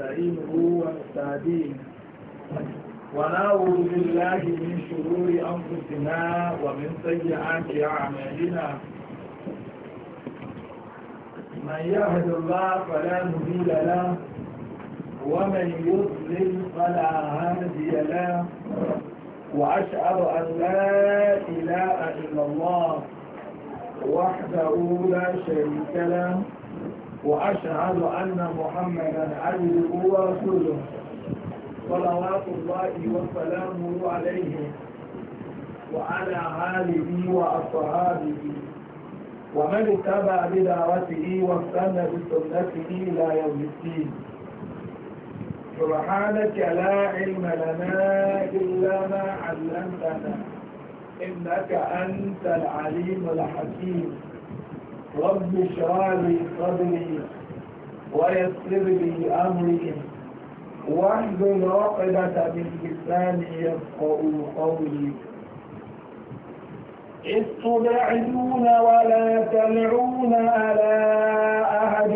ونستعينه ونستهديه ونعوذ بالله من شرور أنفسنا ومن سيئات أعمالنا من يهد الله فلا مضل له ومن يضلل فلا هادي له وأشهد أن لا إله إلا الله وحده لا شريك له وأشهد أن محمدا عبده ورسوله صلوات الله وسلامه عليه وعلى آله وأصحابه ومن اتبع بدعوته واستنى بسنته إلى يوم الدين سبحانك لا علم لنا إلا ما علمتنا إنك أنت العليم الحكيم رب اشرح لي صدري ويسر لي امري واحلل العقدة من لساني يفقه قولي إذ تبعدون ولا تلعون على أحد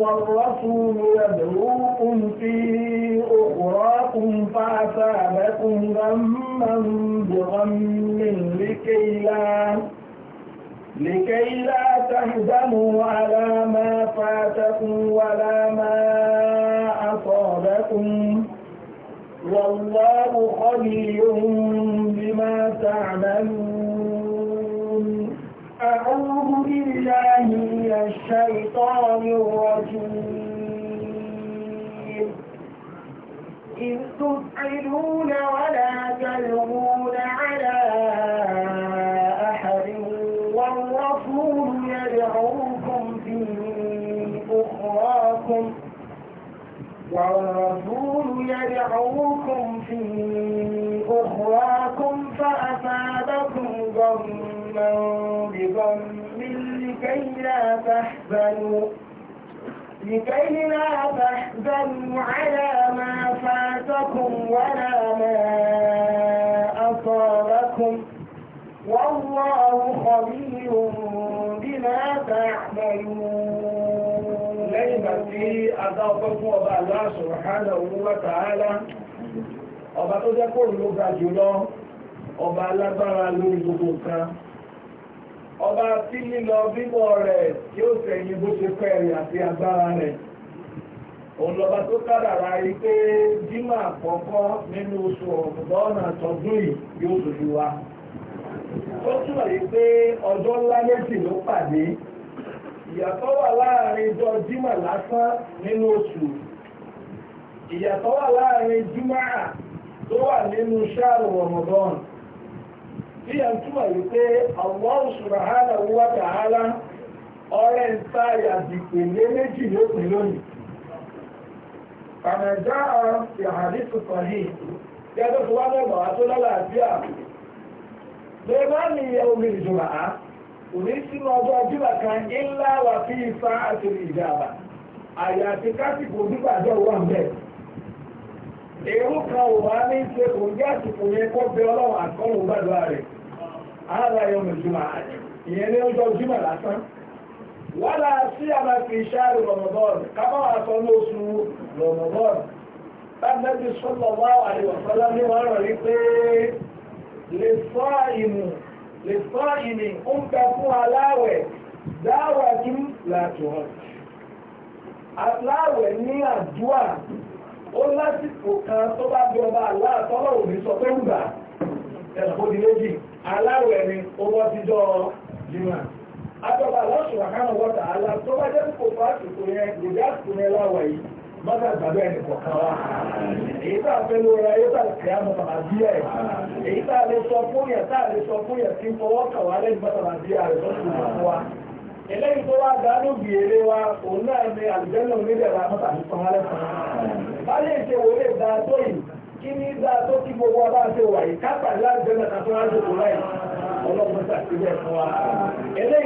والرسول يدعوكم في أخراكم فأصابكم غما بغم لكي لا لكي لا تهدموا على ما فاتكم ولا ما أصابكم والله خبير بما تعملون أعوذ بالله من الشيطان الرجيم إذ تفعلون ولا تلغون على والرسول يدعوكم في أخراكم فأصابكم ضما بضم لكي لا تحزنوا لكي لا تحزنوا على ما فاتكم ولا ما أصابكم والله خبير بما تعملون yìí adá ọpẹ́ ọba ọba Allah subhanahu wa ta'ala ọba tó jẹ́ kóòrùn ló ga jùlọ ọba alágbára lórí gbogbo nǹkan ọba tí lílọ bíbọ̀ rẹ̀ tí ó tẹ̀yìn bó ṣe rẹ̀ àti agbára rẹ̀ òun tó kádàrá pé jímọ̀ àkọ́kọ́ nínú oṣù tọdún yìí yóò ìyàtọ̀ wà láàrin ìjọ jímọ̀ lásán nínú oṣù ìyàtọ̀ wà láàrin jímọ̀ tó wà nínú ṣáàrù Ramadan bí yẹn túmọ̀ wípé Allah subhanahu wa ta'ala ọrẹ ń ta yàdìpèlé méjì lópin lónìí kàmẹ̀já ọ̀rọ̀ ìhàdí tuntun yìí tó wá mẹ́wàá tó lọ́la àbíà omi ìjùmọ̀ á. òní sínú ọjọ́ jílà kan ńlá wà fi ìfà àti ìjàmbá àyà àti kásìkò nígbàjọ́ wà ń bẹ̀. èrú kan ò wá ní ṣe kò ń gẹ́ àsìkò yẹn kó bẹ ọlọ́run àkọ́rùn gbàdúrà rẹ̀ ara yọ mọ̀júmọ̀ ìyẹn ní ọjọ́ jímọ̀ lásán wọ́n lá sí àmà fi ṣáàrì rọ̀mọ̀bọ́ọ̀lù kábọ̀ àsọ ní oṣù rọ̀mọ̀bọ́ọ̀lù tábìlẹ́tì sọ́lọ̀ wá àríwọ̀sọ́lá ní wọ́n rọ̀ lè sọ ìní ń bẹ fún aláwẹ̀ dáwà kí láti hàn aláwẹ̀ ní àdúà ó lásìkò kan tó bá bí ọba aláàtọ́lọ̀ òní sọ pé ń gbà ẹ̀kọ́ di méjì aláwẹ̀ ni ó bọ́ sí jọ jìmà àtọ́ba lọ́sùn àkànnà wọ́ta alá tó bá jẹ́ kókò fásitì yẹn lè dá sí yẹn láwẹ̀ yìí mọ́tà gbàgbé ẹni kọ̀ọ̀kan wa èyí tá a fẹ́ lóra a kẹ́ àmọ́ bàbá bí ẹ̀ èyí a lè sọ fún yẹn a lè sọ fún yẹn tí ń fọwọ́ kà wá lẹ́yìn mọ́tà bàbá bí ẹ̀ tó kù fún wa eléyìí tó wá dánú gbèrè wa òun náà ni àlùjẹ́lẹ̀ onídẹ̀ẹ́ra mọ́tà ní sanwó lẹ́sàn-án bá lè ṣe wọlé dáa tó yìí kí ní dáa tó kí gbogbo ọba ṣe wà yìí kápá láti jẹ́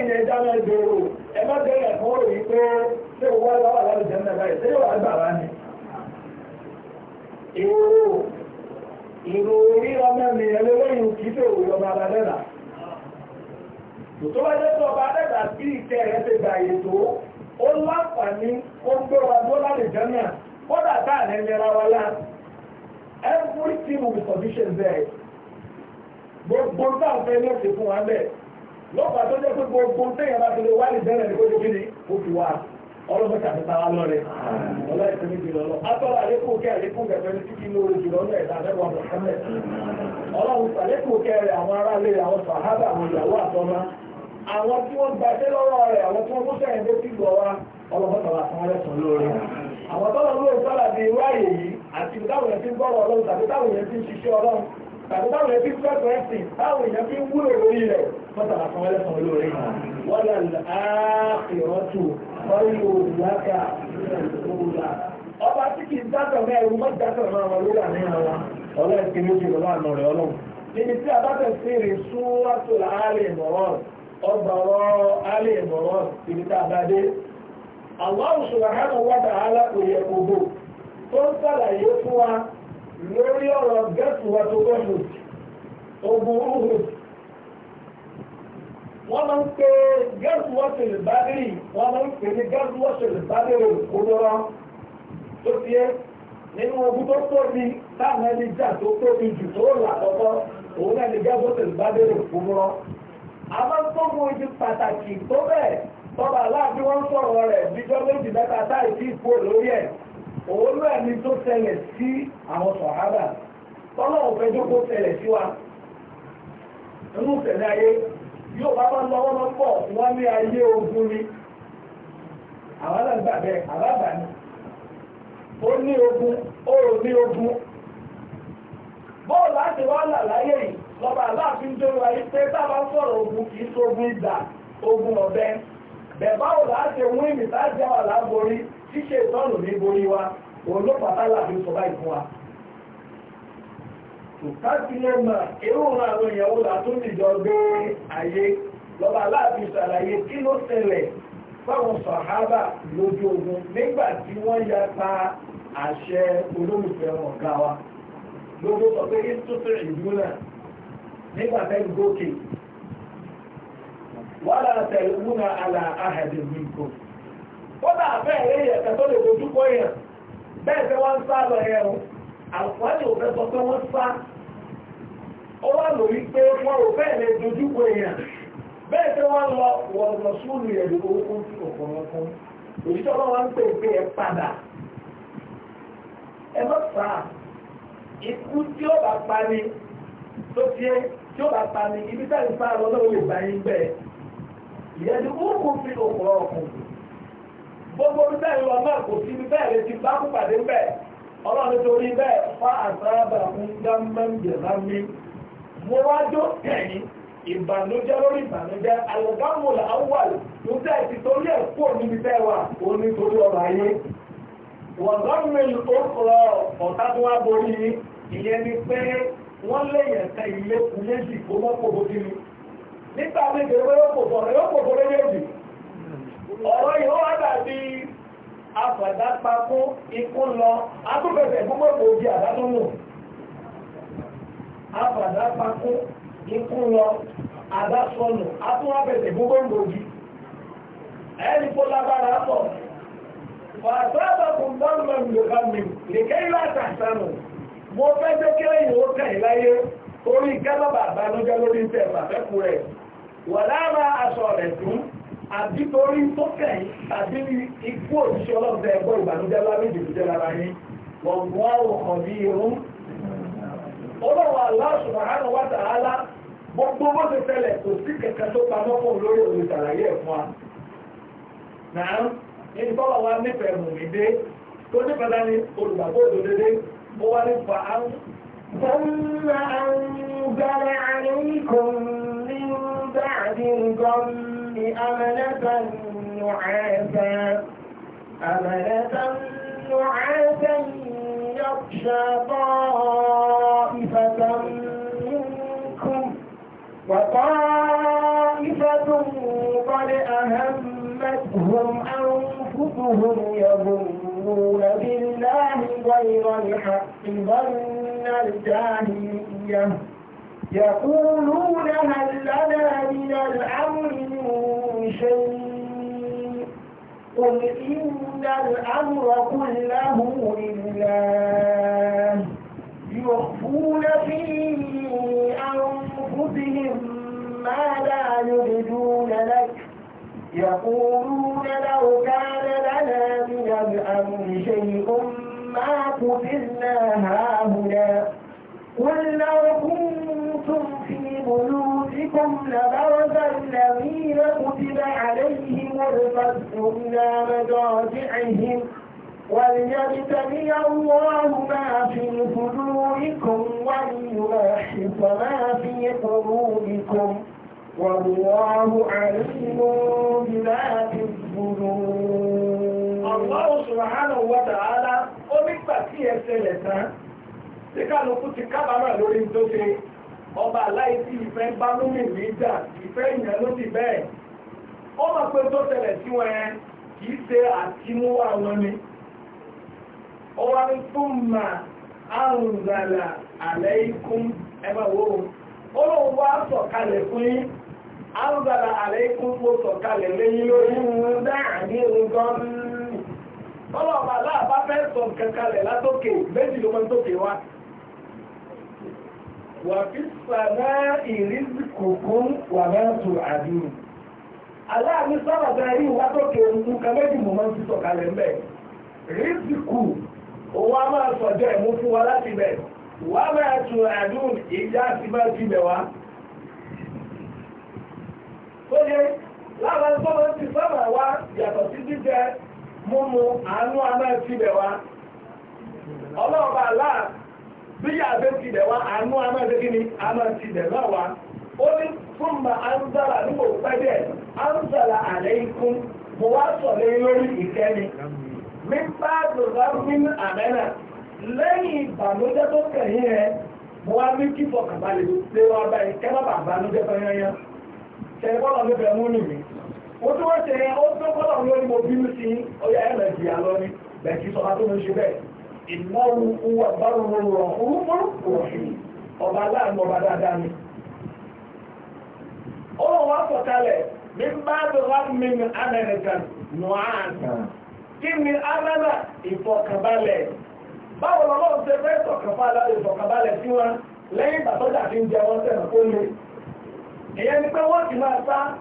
mẹ́ta tó má bẹ̀rẹ̀ fún òrò pé ṣé o wá lọ́wọ́ àlọ́lù jẹ́ mẹ́ta yìí ṣé wàá gbà wá ní. ìrò ìrò orí ọmọ mi ẹlẹ́lẹ́yìn kì í ṣe òwò ọmọ aládẹ́là. tó wá jẹ́ sọ ọba alẹ́là bí ìtẹ́ rẹ̀ ṣe gbà ètò ó láǹfààní ó ń gbé wa dó lálẹ́ jẹ́ náà kódà táà ní ẹlẹ́ra wa lá everything will be sufficient there gbogbo táwọn fẹ́ ní òkè fún wa bẹ́ẹ̀. lọ́pàá tó jẹ́ pé gbogbo téèyàn bá ti lè wá ní kíni ó wá ọlọ́pàá tàbí lọ́rẹ̀ atọ́lá àlékún àlékún kẹfẹ́ ní ní orí ẹ̀dá ọlọ́run rẹ̀ àwọn àwọn sàhábà àwọn ìyàwó àwọn tí wọ́n gba iṣẹ́ lọ́wọ́ rẹ̀ àwọn tí wọ́n tó sẹ́yìn tó ti gbọ́ wa ọlọ́pàá lórí àwọn mọ́tàlá kan wọlé kan olóore wọ́n lè ààkìrọ́tù ọ̀rọ̀ ìlàkà ìlàkà ọba tí kì í dátọ̀ náà ẹ̀rù mọ́ dátọ̀ náà wọn lórí àní àwọn ọlọ́ ìpín méjì lọ́wọ́ àná rẹ̀ ọlọ́run níbi tí abáfẹ́ sí rí súwátò láàárín ìmọ̀ràn ọgbà ọ̀rọ̀ àárín ìmọ̀ràn ibi tá a bá dé àwọn òṣùwà hánà wádà alákòóyè gbogbo tó ń sàlàyé fún wa lórí ọ̀rọ̀ gẹ́sùwà tó gọ́sùn ogun uhud wọ́n máa ń pe gẹ́ẹ̀sì wọ́ọ̀sì ìbádìrì wọ́n máa ń pè ní gẹ́ẹ̀sì wọ́ọ̀sì ìbádìrì òdòrò tó fi é nínú ogun tó tóbi táwọn ẹni jà tó tóbi jù tó là kọ́kọ́ òun náà ní gẹ́ẹ̀sì wọ́ọ̀sì ìbádìrì òdòrò. àmọ́ tó mú ibi pàtàkì tó bẹ́ẹ̀ tọ́ba aláàbí wọ́n sọ̀rọ̀ rẹ̀ bíjọ́ méjì mẹ́ta táì sí ipò lórí ẹ̀ òun náà ni tó ṣẹlẹ̀ sí àwọn sọ̀hábà tọ́lọ́ yóò bá bá lọ́wọ́ lọ pọ̀ wọ́n ní ayé ogun ni àwọn náà àbábà ni ó ní ogun ó ní ogun bọ́ọ̀lù àti láyé yìí lọ́ba aláàfin tó wà pé táwa ogun kì í sógun ìgbà ogun ọ̀bẹ bẹ̀bá láti wún wà ṣíṣe ìtọ́nù ní wa òun ló pàtàkì sọ báyìí káàkiri mà èrò àwọn ìyàwó látún ìjọ gbé ayé lọ́ba láti ṣàlàyé kí ló ṣẹlẹ̀ fáwọn sàhábà lójú ogun nígbà tí wọ́n ya pa àṣẹ olólùfẹ́ wọn ga wa lójú sọ pé tó tẹ̀ ìlú náà nígbà tẹ́lú gòkè wọ́n lára tẹ̀lé wúna àlà àhẹ̀dẹ̀ nìkan ó dà bẹ́ẹ̀ lé yẹ̀kẹ́ tó lè dojú kọ́ yẹn bẹ́ẹ̀ tẹ́ wọ́n ń sá lọ yẹn o àǹfààní òfẹ́ ó wá lò wípé wọ́n ò bẹ́ẹ̀ lè èèyàn bẹ́ẹ̀ tí wọ́n lọ lọ súnlù orúkún tí ọ̀pọ̀lọpọ̀ òṣìṣẹ́ ọlọ́wọ́ ń pè pé ẹ padà ẹ ikú tí ó bá pa ni tó tiẹ̀ tí ibi lọ́wọ́ lè bá yín bẹ́ẹ̀ orúkún ọ̀pọ̀lọpọ̀ gbogbo lọ náà kò sí ibi lè ti bá kú pàdé bẹ́ẹ̀ ọlọ́run bẹ́ẹ̀ mo wá jó tẹ̀yìn ìbànújẹ́ lórí ìbànújẹ́ alẹ́gbàmùlà awọ́lù ló tẹ́ ti torí ẹ̀ pò níbi tẹ́ wà ó ní torí ọ̀rọ̀ ayé wọ́n gọ́ọ̀mẹ̀lì ó kọ̀ ọ̀tá tó wá borí ìyẹn ni pé wọ́n léèyàn kan ilé kù méjì kó mọ́ kó bójú ni nípa méje pé ó kò fọ̀rọ̀ yóò kò fọ̀rọ̀ méjì ọ̀rọ̀ yìí wá dàbí afàdápakún ikú lọ atúbẹ̀bẹ̀ gbogbo òbí àdánù àbàdà pakó ikú lọ àdásọnù àtúwábẹ̀tẹ̀ gbogbo òjì ẹni kó lágbára pọ̀ fàtàbàkùn bọ́ọ̀lù lòkàmì lèkẹ́ ìlà àtàsánù mo fẹ́ jẹ́ kí ẹ̀yìn ó kàn láyé orí kẹ́lọ́bà àbánújẹ́ lórí tẹ̀ pàfẹ́kù rẹ̀ wà lára aṣọ rẹ̀ tún àbí torí tó kẹ̀yìn àbí ikú òṣìṣẹ́ ọlọ́ọ̀tẹ̀ ẹgbọ́ ìbànújẹ́ lábẹ́jì ọlọ́wọ́ aláṣù àárọ̀ wá tààlá gbogbo bó ti tẹ́lẹ̀ kò sí kẹ̀kẹ́ tó pamọ́ fún lórí òun ìtàlàyé ẹ̀ fún wa náà ní bọ́lá wa nífẹ̀ẹ́ mù mí dé tó nífẹ̀ẹ́ dání olùgbàgbọ́ òdòdó mo wá ní fa án. ثم أنزل عليكم كلهم يظنون بالله غير الحق ظن الجاهلية يقولون هل لنا من الأمر من شيء قل إن الأمر كله لله يخفون في أنفسهم ما لا يبدون لك يقولون لو كان يفعل شيء ما قتلنا هاهنا قل لو كنتم في بيوتكم لبرز الذين كتب عليهم القتل إلى مضاجعهم وليبتلي الله ما في صدوركم وليمحص ما في قلوبكم والله عليم بذات الصدور Allah subhanahu wa ta'ala ó nígbà tí ẹ ṣẹlẹ̀ tán tí kálukú ti kábàámà lórí tó ṣe ọba aláì tí ìfẹ́ bá lómi níjà ìfẹ́ ìyẹn ló ti bẹ́ẹ̀ ó mọ̀ pé tó ṣẹlẹ̀ sí wọn yẹn kì í ṣe wọn ni ó wá ní fún mà anzala alaykum ẹgbẹ́ wo ó lóun wá sọ̀kalẹ̀ fún yín anzala alaykum sọ̀kalẹ̀ bọ́lá ọba aláàbá fẹ́ sọ nǹkan kalẹ̀ látòkè méjì ló máa ń tókè wá. wà fi sàmà ìrísí kòkún wà máa tù àdúrà. aláàbí sábà dá yìí wá tókè nǹkan méjì mo máa ń sísọ kalẹ̀ ńbẹ̀. rísíkù òun á máa sọ̀jọ́ ẹ̀mú fún wa láti bẹ̀. wà máa tù àdúrà ìjà ti máa ti bẹ̀ wá. ó yẹ láwọn sọ́wọ́n ti sábà wá yàtọ̀ sí jíjẹ múmu àánú amáìtìbẹ̀ wa ọlọ́ọ̀bà aláà bí yàgbé tìbẹ̀ wa àánú amáìtìbẹ̀ amáìtìbẹ̀ náà wa ó ní fún ma anzala nígbò pẹ́dẹ̀ anzala alaykum mo wá sọ̀rọ̀ lórí ìkẹ́ni mi bá dùnà mí àmẹ́nà lẹ́yìn ìbànújẹ́ tó kẹ̀yìn rẹ̀ mo wá ní kí lé báyìí kẹ́ bá bàbá kẹ́ bọ́lá ló mú nìyí ó tó wọ́n ṣe ó tó kọ́lọ̀ oya mo bínú sí ọyá ẹ̀rẹ̀ jìyà lọ ní bẹ̀kì sọ́ba tó ń ṣe bẹ́ẹ̀ ìnáwó owó àbárò wọn rọ̀ ọba aláàánú ọba dáadáa ni. ó wọ́n sọ̀kalẹ̀ ní bá wá mi ní amẹ́ríkà kí ni amẹ́rà ìfọ̀kànbalẹ̀ báwo lọ́wọ́ ṣe fẹ́ ìfọ̀kànbalẹ̀ sí wọn lẹ́yìn ń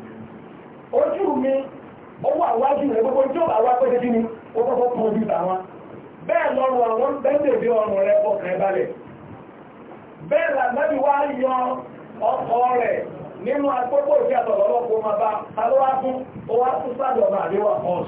ojú mi owó àwájú rẹ̀ gbogbo tí ó wá ni ó ojú tàwọn bẹ́ẹ̀ àwọn bẹ́ẹ̀dẹ̀dẹ̀ ọrùn rẹ̀ ọkàn balẹ̀ bẹ́ẹ̀ làgbẹ́bí wá yọ ọkọ̀ rẹ̀ nínú agbógbò ìfẹ́ àtọ̀lọ́lọ́pọ̀ máa bá alówá fún owá ọ̀sù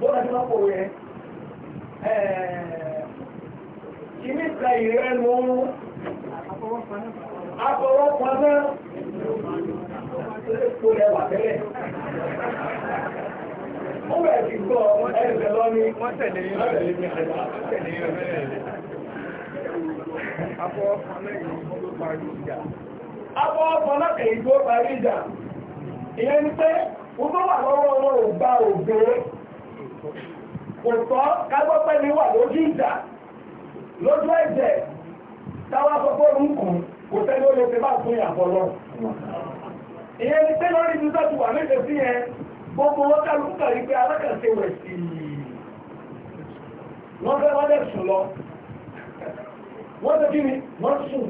bọ́ọ̀lù tí wọ́n kò yẹ kìíní ka ìrẹ́nu afọwọ́pamọ́ kò lẹ wà tẹ́lẹ̀. ó bẹ̀rẹ̀ sí gbọ́ ẹ̀rẹ̀ lọ ní wọ́n tẹ̀lé yín lọ́rẹ̀ parí ìjà. kò tọ́ kágbọ́pẹ́ mi wà lójú ìjà lójú ẹ̀jẹ̀ táwa sọ pé òun kù kò tẹ́lú olè ṣe bá fún ìyàbọ̀ lọ. ìyẹn ni pé lórí ìdúsọ́ ti wà méje sí yẹn gbogbo wọn kálukú kàrí pé alákàṣe wẹ̀ sí i wọ́n fẹ́ wọ́n dẹ̀ sùn lọ wọ́n tẹ́ kí ni wọ́n sùn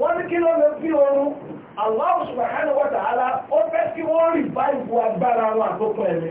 wọ́n ní kí ló lè fi oorun Allah subhanahu wa ta'ala ó fẹ́ kí wọ́n rí báyìí bu agbára wọn àtọ́kọ̀ ẹ̀mí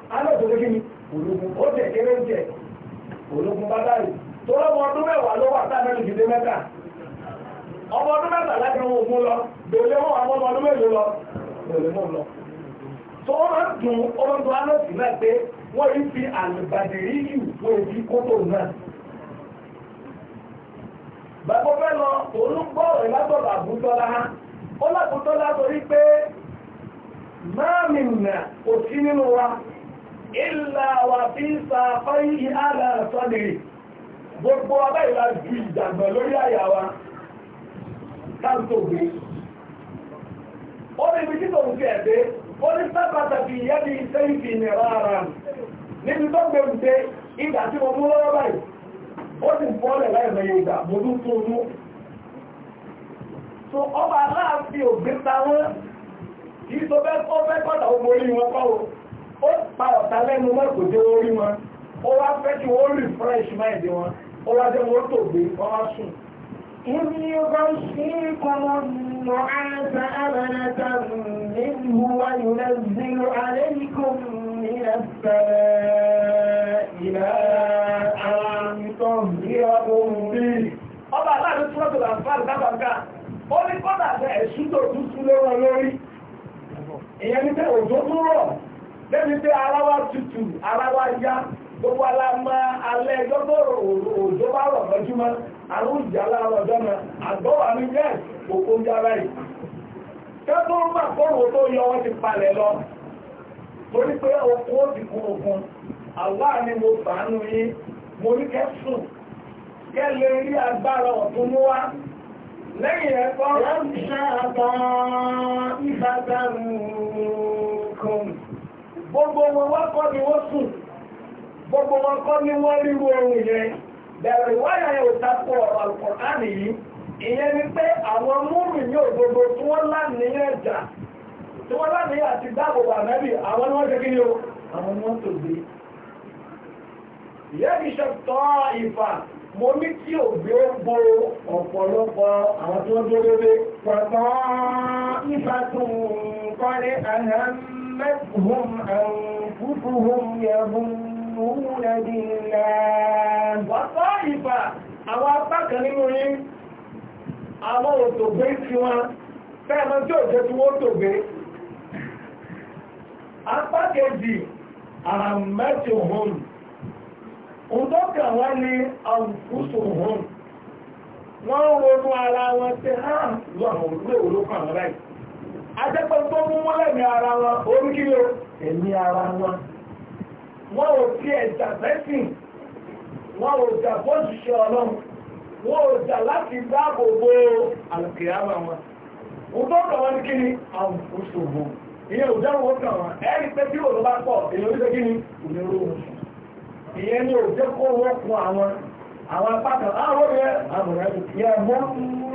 alọ́dún kí ni ológun ó jẹ kéré jẹ ológun bá báyìí tó lọ́mọ ọdún mẹ́wàá ló wà sáà mẹ́rin jùlé mẹ́ta ọmọ ọdún mẹ́ta láti wọn ògùn lọ bèlè mọ́ àwọn ọmọ ọdún mélòó lọ bèlè mọ́ lọ tó wọ́n máa ń dùn ọmọ tó alọ́sìn náà pé wọ́n yìí fi àlùbàdìrí yìí wọ́n èyí kótó náà bàbá fẹ́ lọ olùgbọ́ rẹ̀ látọ̀dọ̀ àbútọ́lá ó lábútọ́lá torí pé máàmì nà òsí nínú wa ìlà wà fi sàfọ́ yìí àlà sọ́dìrì gbogbo abẹ́ ìlà ju ìjàgbọ̀n lórí àyà wa káńtò gbé ó ní ibi tí kò ń fi ẹ̀dẹ́ ó ní sábàtà fi ìyá bí iṣẹ́ ìfì nìra ara níbi tó gbé ń dé ìgbà tí mo mú lọ́wọ́ báyìí ó sì fọ́lẹ̀ láìmẹ̀yẹ ìgbà so ọba aláàfin ògbé ta wọn kì í so bẹ́ẹ̀ kọ́ bẹ́ẹ̀ ó pa ọ̀tá lẹ́nu mọ́ kò dé orí wọn ó wá fẹ́ kí wọ́n mind wọn ó wá jẹ́ wọ́n tó gbé wọ́n wá sùn. إذ يغشيكم النعاس أمنة منه وينزل عليكم من السماء ماء طهركم به ọba aláàrin túnrọ́tò làǹfààní dábàǹkà ó ní kọ́dà ẹ̀ṣú tó sún lọ́rọ̀ lórí ìyẹn ní pé òjò rọ̀ lẹ́ni pé ara wa tutù ara wa yá gbogbo ala mọ alẹ́ gbọ́gbọ́rọ̀ òjò bá rọ̀ lọ́júmọ́ àrùn ìjà ọjọ́ náà àgbọ́ ní yẹ́ òkú yára yìí tó yọ wọ́n lọ torí pé okun ó ti kún okun àwa ni mo fàánú yín mo ní kẹ́sùn rí agbára ọ̀tún mú wá lẹ́yìn ẹ̀kọ́. gbogbo wọn wá kọ́ ni wọ́n sùn gbogbo wọn kọ́ ni wọ́n ríru ohun yẹn bẹ̀rẹ̀ wáyà yẹn ò takò ọ̀rọ̀ àlùkọ̀tánì yìí ìyẹn ni pé àwọn múmi ní òdodo tí wọ́n láníyàn ẹ̀jà tí wọ́n láníyàn àti dáàbòbò ànábì àwọn ni wọ́n ṣe kí ni o àwọn ni wọ́n tó gbé ìyẹ́bí ṣe tọ́ ìfà mo ní kí òbí ó bo ọ̀pọ̀lọpọ̀ àwọn tí wọ́n dúró lórí pọ̀tọ́ ìfà tún kọ́lé àhẹ́mù عمتهم أنفسهم يظنون بالله وطائفة àwọn apá kan nínú yín àwọn òtògbé tí wọ́n fẹ́ẹ̀mọ́ tí ò jẹ́ tí wọ́n tògbé apá kejì àmẹ́tò hùn ọdọ́kà wọ́n ní àwùkúsò hùn wọ́n ronú ara wọn tí hàn lọ́rùn lóòrùn kan rẹ̀ ajẹ́pẹ́ tó mú lẹ́mí ara wọn orí kí ló ẹ̀mí ara wọn wọn ò tí ẹ̀ jà fẹ́sìn ò jà fóṣìṣẹ́ ọlọ́run wọn ò jà láti dáàbò bo wọn wọn tó wọn kí ni àwọn òṣòwò ìyẹn ò jẹ́ wọn kàn Ihe ẹ̀rí pé tí òun bá pọ̀ èyí kí ni òmìnirò wọn ìyẹn ni ò jẹ́ kó wọ́n àwọn àwọn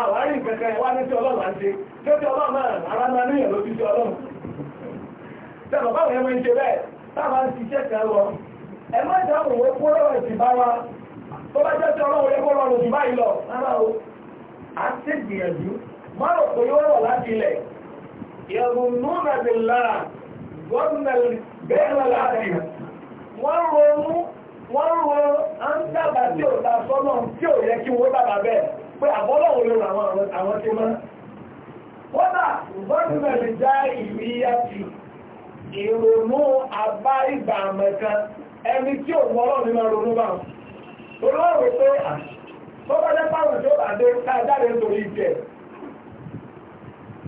àwọn arìn kankan wá ní tí ọlọ́run à ń ṣe tí ó tí ọlọ́run náà ara máa níyàn ló fi ṣe ọlọ́run tẹ̀lọ̀ báwo yẹn máa ń ṣe bẹ́ẹ̀ táwa ń ṣiṣẹ́ kan lọ ẹ má dáhùn owó kó lọ́rọ̀ ìsìn bá wa tó bá jẹ́ tí ọlọ́run yẹ kó rọrùn jù báyìí lọ rárá o à ń ṣe gbìyànjú má rò pé yóò rọ̀ láti ilẹ̀ ìrùnnúnà ti lára gọ́ọ̀nà bẹ́ẹ̀ láti wọ́n ronú wọ́n ro à ń dábàá tí ò ta sọ́nà tí ò yẹ kí wọ́n dábàá pé àbọ́lọ̀ wo ló àwọn tí máa wọ́dà gọ́ọ̀mẹ̀lì já ìrí àti ìrònú àbá ìgbà mẹ́ta ẹni tí ò wọ́rọ̀ nínú ronú bá wọn torí wọ́n rò pé àtọ́bọ́jẹ́ pàrọ̀ tí ó bá dé káàdáre nítorí ìjẹ́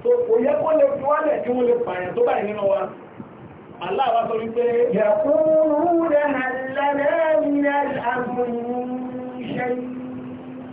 tó kò yẹ kó lè fi wálẹ̀ kí wọ́n lè pààyàn tó báyìí nínú wa aláwa sọ wípé yẹ̀kúrú rẹ̀ hàn lẹ́rẹ́ ní àbùrù ṣẹ́yìn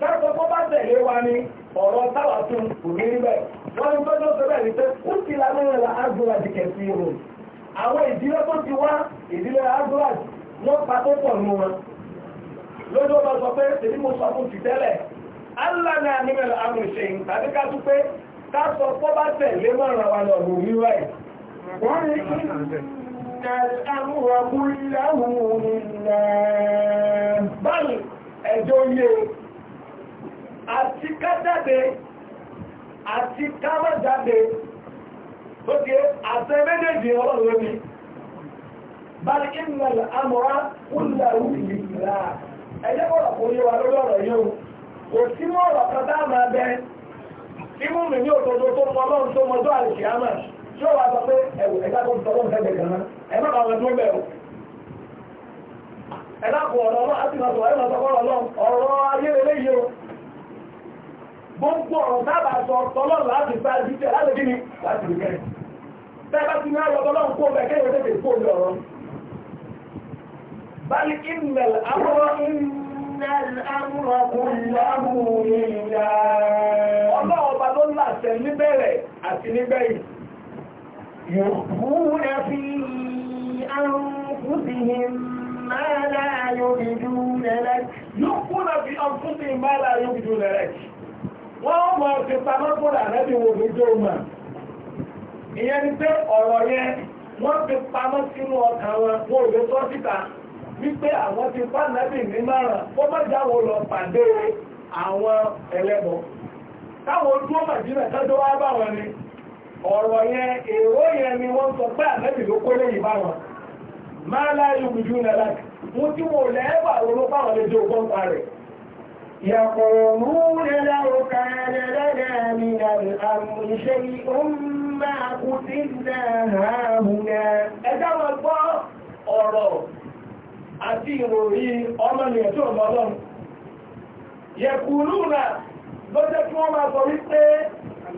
Káàkó tó bá tẹ̀lé wa ni ọ̀rọ̀ táwà tún kò ní rí bẹ́ẹ̀. Wọ́n ń tọ́jú ọ̀sẹ̀ bẹ́ẹ̀ ni ó ti la la Agbóra ti kẹ̀sí irun. Àwọn ìdílé tó ti wá ìdílé Agbóra wọ́n pa tó pọ̀ nù wọn. Lójú sọ pé èmi mo sọ fún ti tẹ́lẹ̀. àti kájáde àti kámọ́jáde tó ti àtẹ méjèèjì ọlọ́run ní báyìí ìmọ̀lá amọ̀rá kúlàrú ìlà ẹjẹ́ bọ̀rọ̀ kò yíwa lórí ọ̀rọ̀ yóò kò sí mọ́ ọ̀rọ̀ kan dá máa bẹ imú mi ní òdodo tó mọ ọlọ́run tó mọ tó àlùkì àmà tí ó wà sọ pé ẹ̀wọ̀ ẹ̀dá tó ń tọ́ lọ́run fẹ́ gan ẹ má bàwọn tó bẹ̀rù ẹ̀dá kò ọ̀rọ̀ ọlọ́run á sì máa sọ ọ̀rọ̀ ọlọ́run ọ̀rọ̀ ayé eléyìí gbogbo ọ̀rọ̀ tábà sọ láti sáájú láti gíní láti ló láṣẹ níbẹ̀rẹ̀ àti fi àrùn wọ́n mọ̀ ti pamọ́ fún àrẹ́bí wo ní jẹ́ ọmọ ìyẹn ni pé ọ̀rọ̀ yẹn wọ́n fi pamọ́ sínú ọkà wọn wọn ò lè tọ́ síta wípé àwọn ti ní márùn kó má jáwọ́ lọ pàdé àwọn táwọn ojú ọmọ ìdílé tọ́jọ́ wá wọn ni ọ̀rọ̀ yẹn èrò yẹn ni wọ́n sọ pé àrẹ́bí ló kó léyìí bá wọn máa láyé ojú nàlá mo tí lẹ́ẹ̀bà يقولون لو كان لنا من الأمر شيء ما قتلنا هاهنا أدوى الله ọ̀rọ̀ àti ìròyìn ọmọnìyàn tí ọmọ ọlọ́run yẹ̀kùlú náà ló jẹ́ kí wọ́n máa sọ wípé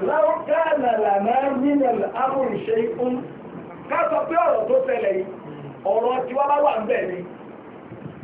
láwọ́kààlà lànà mínal amúrùṣe ikún ká sọ pé ọ̀rọ̀ tó tẹ̀lẹ̀ yìí ọ̀rọ̀ tí wọ́n bá wà ń bẹ̀ ni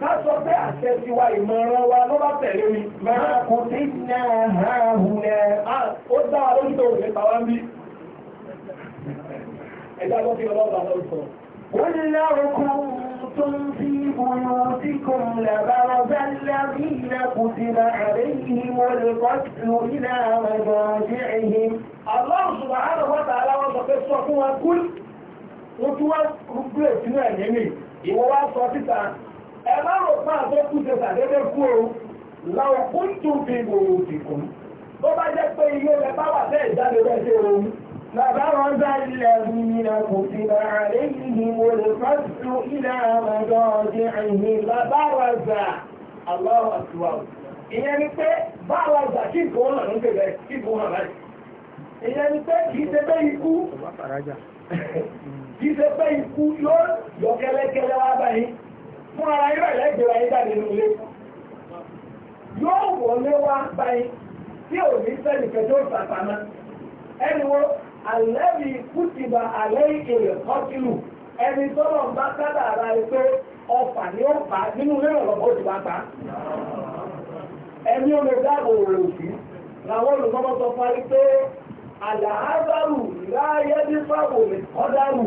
ká sọ pé àṣẹ ti wa ìmọ̀ràn wa ló bá tẹ̀lé mi. máa kò sí náà ha hùn ẹ̀. ó dá wa lójú tó lè pa wá ń bí. ẹ̀dá ló fi ọlọ́ọ̀bà lọ sọ. قل لو كنتم في بيوتكم لبرز الذين كتب عليهم القتل إلى مضاجعهم الله سبحانه وتعالى وصفه وكل وتوكل سنة يمين ìwọ wá sọ síta ẹ má rò pé àtọ́kù ṣe ṣàdédé kú o làwọn kún tún fi gbòòrò dìkún tó bá jẹ́ pé ilé rẹ bá wà bẹ́ẹ̀ jáde bẹ́ẹ̀ ṣe o. فبرز الذين كتب عليهم القتل إلى مضاجعهم فبرز الله أكبر ìyẹn ni pé báwa gbà kí nǹkan wọn hàn kébẹ kí nǹkan hàn láì ìyẹn ni pé kì í ṣe pé ikú kì í ṣe pé ikú yóò yọ kẹ́lẹ́kẹ́lẹ́ wá báyìí fún ara irọ́ ìlẹ́gbẹ̀rẹ̀ ayé jáde ní ilé yóò wọlé wá báyìí tí ò ní sẹ́ni kẹjọ sàtàmà ẹni wo àlẹ́bí kùtìbà àlẹ́ ìkèrè kọ́tìlù ẹni tọ́lọ̀ ń bá kádà ara rẹ pé ọfà ni ó fà á nínú ilé ọ̀rọ̀ òjò bá ta ẹni ó lè dáàbò rẹ̀ òsì làwọn olùkọ́ bọ́ sọ fún wa pé àlàáfàrù láyé ní ọ̀dàrù.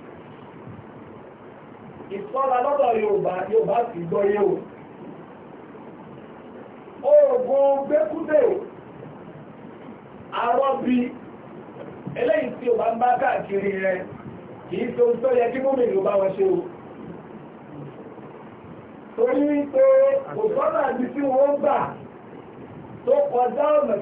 ìtọ́ra lọ́dọ̀ Yorùbá Yorùbá sì gbọ́ yé o oògùn gbẹ́kúdé arọ́bí eléyìí tí o bá ń bá káàkiri rẹ kìí tó ń tó yẹ kí mú mi ló bá wọ́n ṣe o torí wípé kò sọ́nà àti tí wọ́n gbà tó kọjá ọ̀nà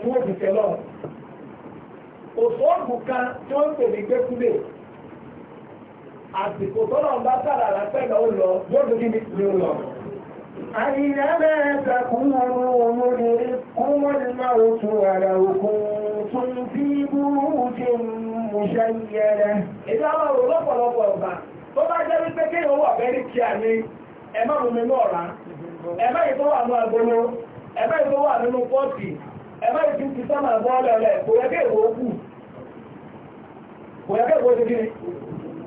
àsìkò tọ́lọ̀ ń bá sára àlàpẹ́lẹ̀ ó lọ yóò tó ní ó lọ. Àìyábẹ́ ẹ̀sẹ̀kúnmọ̀rún olórin kúmọ̀lẹ́mọ̀ òtún ara òkun tún bí búrú ṣe mú ṣayẹrẹ. Ìdáwọ̀ olópọ̀lọpọ̀ ọ̀gbà tó bá jẹ́ wípé kí ó wà bẹ́rí kí a ní ẹmọ́ omi náà rá, ẹmọ́ ìtọ́ wà ní agbolo, ẹmọ́ ìtọ́ wà nínú pọ́ọ̀tì, ti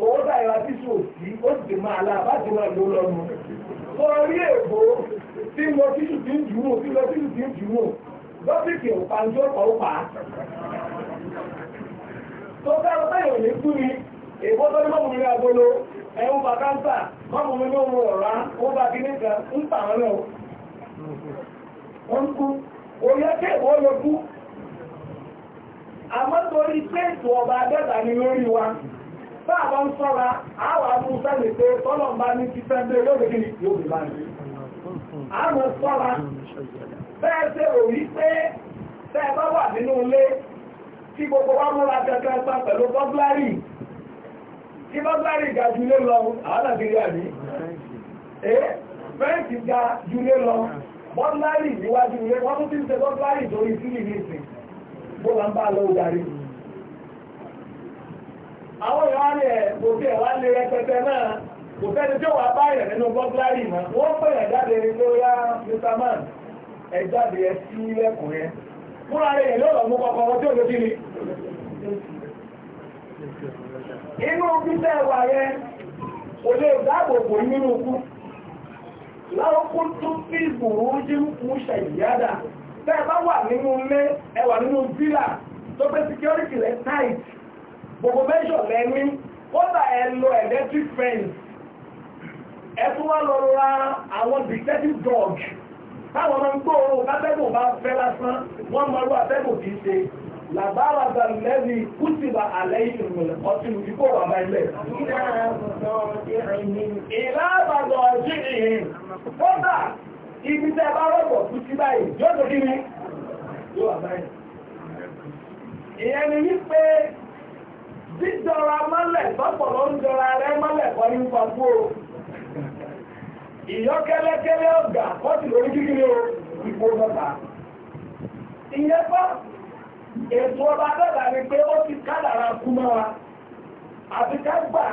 owó táyọ̀ àti sòsì ó sì máa la àbájọ náà ló lọ́nu. mo rí èbó tí mo tíṣù tí ń tí mo ń jùmọ̀ tó fún mi èbó tó agolo ẹ̀hún bá káńtà mọ́mú mi mú ọ̀rá ó bá kí nìkan ń tà wọ́n lọ. wọ́n kú òye kéèwọ́ kú. àmọ́ torí pé ètò ọba adẹ́ta ni lórí wa. bá àwọn ń sọ́ra àwọn àwọn sẹ́lẹ̀ pé tọ́lọ̀mbá ní ti fẹ́ lórí kí yóò bí bá ní àwọn sọ́ra bẹ́ẹ̀ tẹ́ ò rí pé tẹ́ bá wà nínú ilé tí gbogbo wá múra kankan pa pẹ̀lú bọ́glárì tí bọ́glárì ga jùlé lọ àwọn nàìjíríà ní eh fẹ́ǹsì ga jùlé lọ bọ́glárì níwájú ilé wọ́n tún ti ń ṣe bọ́glárì torí sílì ní ìsìn bó la ń bá lọ òdarí àwọn ìwádìí ẹ̀ kò tí ẹ̀ wá lé náà kò fẹ́ni tí ó wà báyẹ̀ nínú bọ́gláàrì mọ́ wọ́n pèèyàn jáde lóyá mr man ẹ sí lẹ́kùn yẹn fúnra rẹ̀ ló lọ mú kọ́kọ́rọ́ tí ó lè kíni. inú pípẹ́ wà yẹn kò lè nínú ikú láwọ́kú tún fi jí bẹ́ẹ̀ gbogbo mẹ́ṣọ̀ lẹ́ní kódà ẹ lo electric fence ẹ tún wá lọ ra àwọn detective dog táwọn máa ń gbóòórùn kátẹ́gùn bá fẹ́ lásán wọ́n máa rú atẹ́gùn kì í ṣe làbára balẹ̀lẹ́ni kùtìbà àlẹ́ ìrìnlẹ̀ ọtí lùdí kò wà máa ilẹ̀. ìlàbàdàn ọjí ìhìn kódà ibi tẹ́ bá rọ̀pọ̀ kùtì báyìí yóò tó kí ni. ìyẹn ni wípé dídọ̀ra mọ́lẹ̀ tọ́pọ̀lọ́ ń dọ̀ra rẹ mọ́lẹ̀ kọ́ ní o ọ̀gà lórí kíkiri o mọ́ta ìyẹn ètò ọba ni pé ó ti kádàrà kú mọ́ wa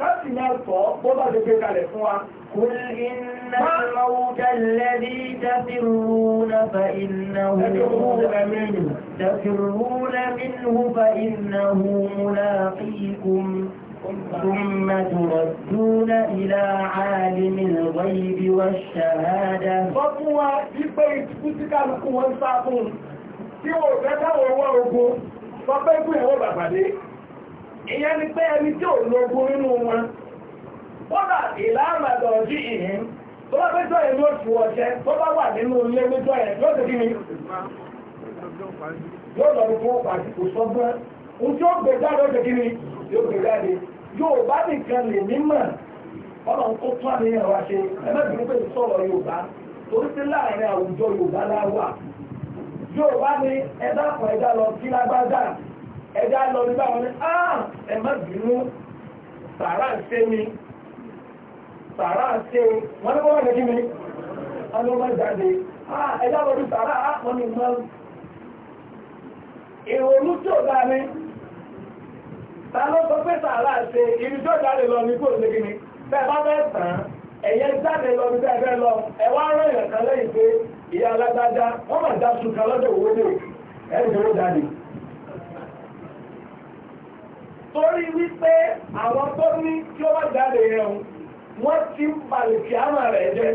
láti máa tọ́ bọ́bá tó gbé kalẹ̀ fún wa. قل إن الموت الذي تفرون فإنه منه تفرون منه فإنه ملاقيكم ثم تردون إلى عالم الغيب والشهادة فقوى بيت كتك لكم وانصافون tí ó rẹ̀ táwọn ọwọ́ ogun sọ ìyẹn ni pé ẹni tí ò lógún nínú wọn kódà ìlànà lọ́jí ìhìn tó bá pẹ́jọ́ yẹn ló tu ọṣẹ tó bá wà nínú ilé pẹ́jọ́ yẹn yóò ti ni yóò lọ fún pàtí kò sọ́gbọ́n ohun tí ó gbé jáde ni yóò gbé jáde yóò bá nìkan lè mímọ̀ ọlọ́run tó tún ni ẹ̀dá kan ẹ̀dá lọ sí lágbájá ẹjá lọ nígbà wọn ah ẹ má bínú sàárà ń ṣe mi sàárà ń ṣe wọn wọn wà lẹ́kí mi jáde ah ẹjá lọ ah, ní sàárà ah wọn ní ìrònú tí ó dáa ta ló sọ pé sàárà ibi tí jáde lọ ní kó ṣe kí torí wípé àwọn tó ní tí ó bá jáde yẹn wọ́n ti ń palẹ̀ kí á máa rẹ̀ jẹ́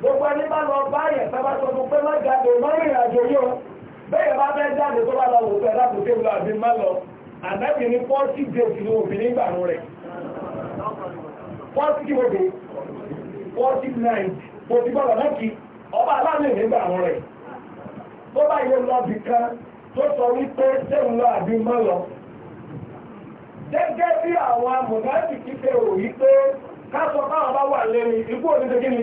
gbogbo ẹni bá lọ bá yẹn sábà sọ fún pé má jáde má rìn àjò yóò bẹ́ẹ̀ bá fẹ́ jáde tó bá lọ wò pé alábòókè lọ àbí má lọ àdábì ní pọ́ọ̀tì déètì ní obìnrin ìgbà rẹ̀ pọ́ọ̀tì kí wọ́n dé pọ́ọ̀tì náì mo ti gbọ́dọ̀ náà kí ọba aláàmì nígbà rẹ̀ tó bá yẹ lọ bìkan tó sọ wípé tẹ́hùn lọ àbí má lọ gẹ́gẹ́ bí àwọn amùnáàtì kíkẹ́ òyí pé káàsọ báwọn bá wà lẹ́ni ikú òdíje gíní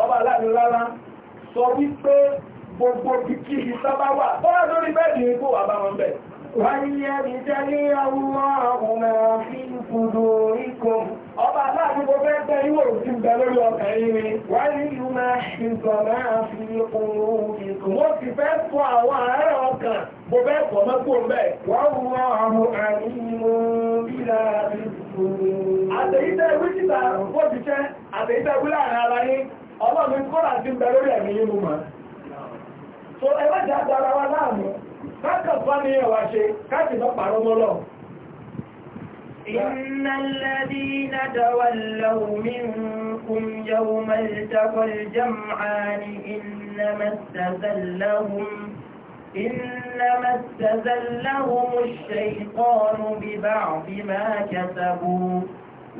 ọba aláàrínlára sọ wípé gbogbo kìkì ìsábá wà bọ́lá lórí bẹ́ẹ̀dì ikú àbáwọn bẹ̀ Ọba aláàrin mo ni. Wọ́n ní ìlú máa ṣe ìgbọ̀n máa fi kún un. Mo sì fẹ́ mo bẹ́ pọ̀ mẹ́kò mẹ́ wọ́n wọ́n ọ̀run àìyíwò ìwé títà wọ́n ti jẹ́ ìwé láàrin ara ń bẹ lórí ẹ̀mí ma so ẹ má jà wa láàmú káàkà bá ní ẹ̀wà ṣe káàkì lọ pàrọ̀ mọ́ إن الذين تولوا منكم يوم التقى الجمعان إنما استزلهم إنما استزلهم الشيطان ببعض ما كسبوا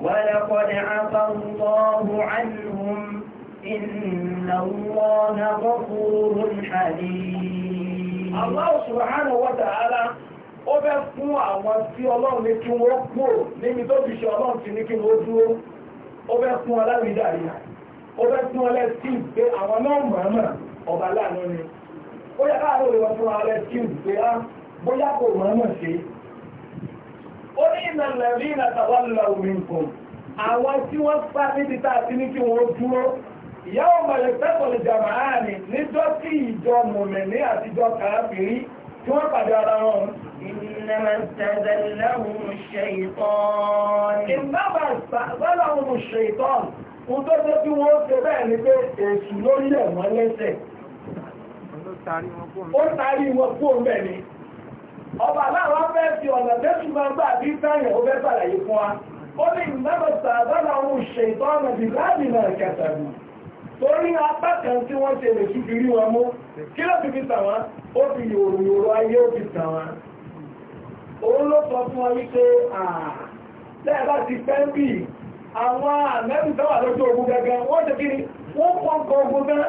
ولقد عفى الله عنهم إن الله غفور حليم الله سبحانه وتعالى ó fún àwọn tí ọlọ́run ní kí wọ́n pò níbi tó fi ṣe ọlọ́run ti ní kí wọ́n dúró ó fún ọlá ìdàrí ó fún ọlá pé àwọn náà mọ̀ọ́mọ̀ ọba láàánú ni bóyá káàdó ìwọ fún ààrẹ tí ó gbé á bóyá kò mọ̀ọ́mọ̀ sí. ó ní ìnànà rí ìnàtàwọ́ lọ omi nǹkan àwọn tí wọ́n sá níbi tá a ti ní kí wọ́n dúró ìyáwó mọ̀lẹ́sẹ̀kọ̀lẹ̀ jàmáà ni níjọ́ tí ìjọ mọ̀mẹ̀ní àtijọ́ kàáfìrí tí wọ́n pàdé ara wọn. إنما استذلهم الشيطان إنما استأذلهم الشيطان Òtọ́jọ́ tí wọ́n ṣe bẹ́ẹ̀ ni pé èṣù lórí ẹ̀mọ́ lẹ́sẹ̀ ó tarí wọn kú ọ̀bẹ̀ ni ọba aláwọ̀ fẹ́ fi ọ̀nà tẹ́sù máa gbà bí táyẹ̀ ó fẹ́ sàlàyé fún wa ó ní ìmọ̀mọ̀sà àbára òun ṣe ìtọ́nà bí láàbì náà kẹta ni torí apá kan tí wọ́n ṣe lè fi rí wọn mú kí ló fi fi tàn wọ́n ó fi yòrò yòrò ayé ó fi tàn wọ́n òun ló sọ fún ọ wípé tẹ́ẹ̀ bá ti fẹ́ bí àwọn àmẹ́rù tẹ́wà lójú ogun gẹ́gẹ́ wọ́n ṣe kí ni wọ́n pọ̀ nǹkan ogun náà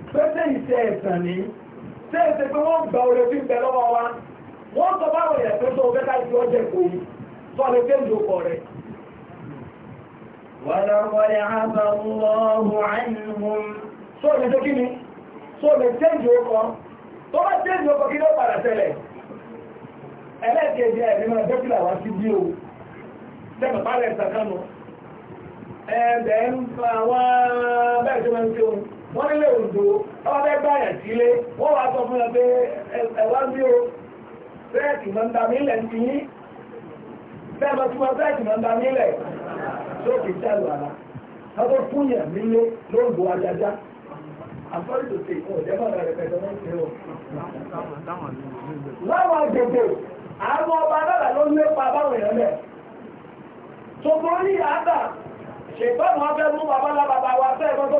pẹ́sẹ́ ìṣe ẹ̀sàn ní ṣé ẹ̀sẹ̀ pé wọ́n gba oore fi ń bẹ lọ́wọ́ wa wọ́n sọ báwọn èèyàn pé tó fẹ́ láti ọjọ́ èkó yìí sọ lè fẹ́ lò pọ̀ rẹ̀. ولقد عفى الله عنهم sọ lè ṣe kí ni sọ lè tẹ́jú ọkọ̀ tó bá tẹ́jú ọkọ̀ kí ló padà tẹ́lẹ̀ ẹlẹ́gẹ̀ẹ́jẹ́ ẹ̀mí máa dẹ́kìlà wá sí bí o tẹ́mà pálẹ̀ ìsàkánu ẹ̀ẹ́dẹ̀ ń fa wá bẹ́ẹ̀ tó máa ń tí ohun wọ́n nílé òjò ọwọ́ fẹ́ gbáyẹ̀ sílé wọ́n wá sọ fún ẹgbẹ́ ẹ̀wá ń bí o bẹ́ẹ̀kì oh, mọ́ ń da mílẹ̀ ń tiyín bẹ́ẹ̀mọ́ tí wọ́n bẹ́ẹ̀kì mọ́ ń da mílẹ̀ sókè tẹ́lù àlá lọ́tọ́ fúnyẹ̀ nílé lóògbò ajájá àfọ́rìtòsí ọ̀jẹ́mọ́ rẹ̀ pẹ̀lú wọn ṣe o. láwọn agbègbè àwọn ọba náà ló ń lépa báwọn èèyàn lẹ̀ ṣògbọ́n ní àádà ṣèpá wọn fẹ́ mú babalá bàbá wa fẹ́ ẹ̀kọ́ tó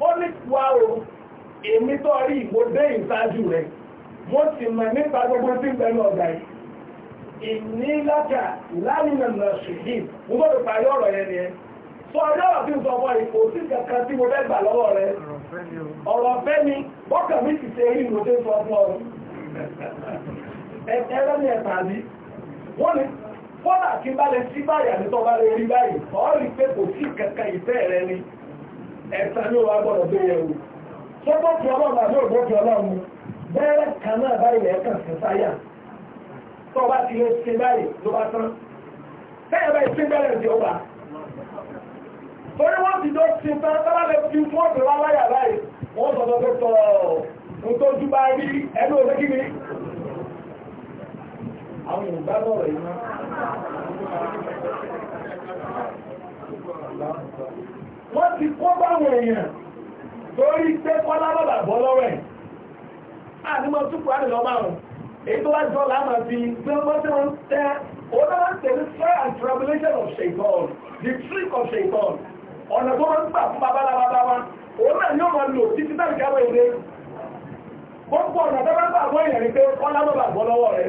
ó ní wá o èmi tó rí ìwò dé ìsájú rẹ̀ mo sì mọ̀ nípa gbogbo tí ń bẹnu ọ̀gá yìí ìnílájà lánìyàn náà ṣèyí mo gbọ́dọ̀ parí ọ̀rọ̀ yẹn ni ẹ sọ ọjọ́ ọ̀rọ̀ tí ń sọ fọ́ ipò sí kankan tí mo fẹ́ gbà lọ́wọ́ rẹ ọ̀rọ̀ fẹ́ ni bọ́kàn mi sì ṣe rí ìwò tó ń sọ fún ọ ẹ̀ẹ́rẹ́ ní ẹ̀ta àbí wọ́n ni fọ́nà kí bá lè sí báyà ní tọ́ bá lè rí báyìí ẹ̀ta ní wà gbọ́dọ̀ tó yẹ wò ṣé bó ti ọlọ́run àbí òbó ti ọlọ́run bẹ́ẹ̀rẹ̀ kan náà báyìí lẹ́ẹ̀ kàn sí sáyà tó bá ti lè ṣe báyìí ló bá tán bẹ́ẹ̀ bá ìṣe bẹ́ẹ̀rẹ̀ ti ọba torí wọ́n ti lọ sí tán tábà lè fi fún ọ̀sẹ̀ wá láyà báyìí wọ́n sọ̀tọ̀ tó tọ̀ àwọn Yorùbá bọ̀rọ̀ yìí wọ́n ti kó báwọn èèyàn torí pé kọ́lá bàbà bọ́ lọ́wọ́ ẹ̀ àdúmọ̀ túpọ̀ àdì lọ́mọ àwọn èyí tó wá jọ láàmà fi gbé wọ́n tí wọ́n tẹ́ onáwọ́n tẹ̀lé trial and tribulation of shaitan the trick of shaitan ọ̀nà tó wọ́n ń gbà fún babalábábá wa òun náà yóò máa lò títí náà káwé ilé gbogbo ọ̀nà tó wọ́n gbà fún èèyàn ni pé kọ́lá bàbà bọ́ lọ́wọ́ rẹ̀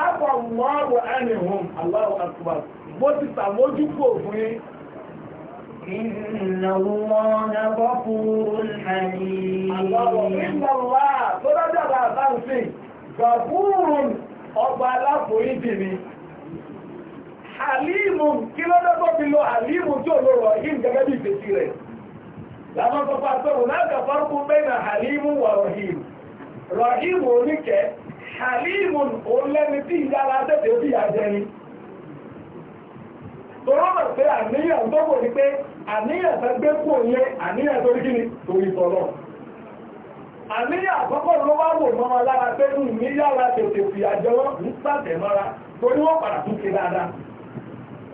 àpọ̀ mọ́ọ̀rọ̀ anyị hùn Allahu akbar bó ti sàmójúkò fún yí Inna Allah ghafurun halim. Allahu inna Allah tó dájọ́ bá bá ń sìn, ghafurun ọba aláforíjì kí ló Halimu tí ò bí rẹ̀. Lámọ́ wà Rahim. Rahim halimun òun lẹ́ni tí ìyára tẹ́tẹ́ bí àjẹni tó rọ́mọ̀ pé àníyàn tó kò ní pé àníyàn tó gbé kú òye àníyàn tó rí kíni torí tọ́lọ̀ àníyàn àkọ́kọ́ ló wá wò mọ́ lára pé ń ní yára tètè fi àjẹwọ́ ń pàtẹ́ mọ́ra torí wọ́n padà tún ṣe dáadáa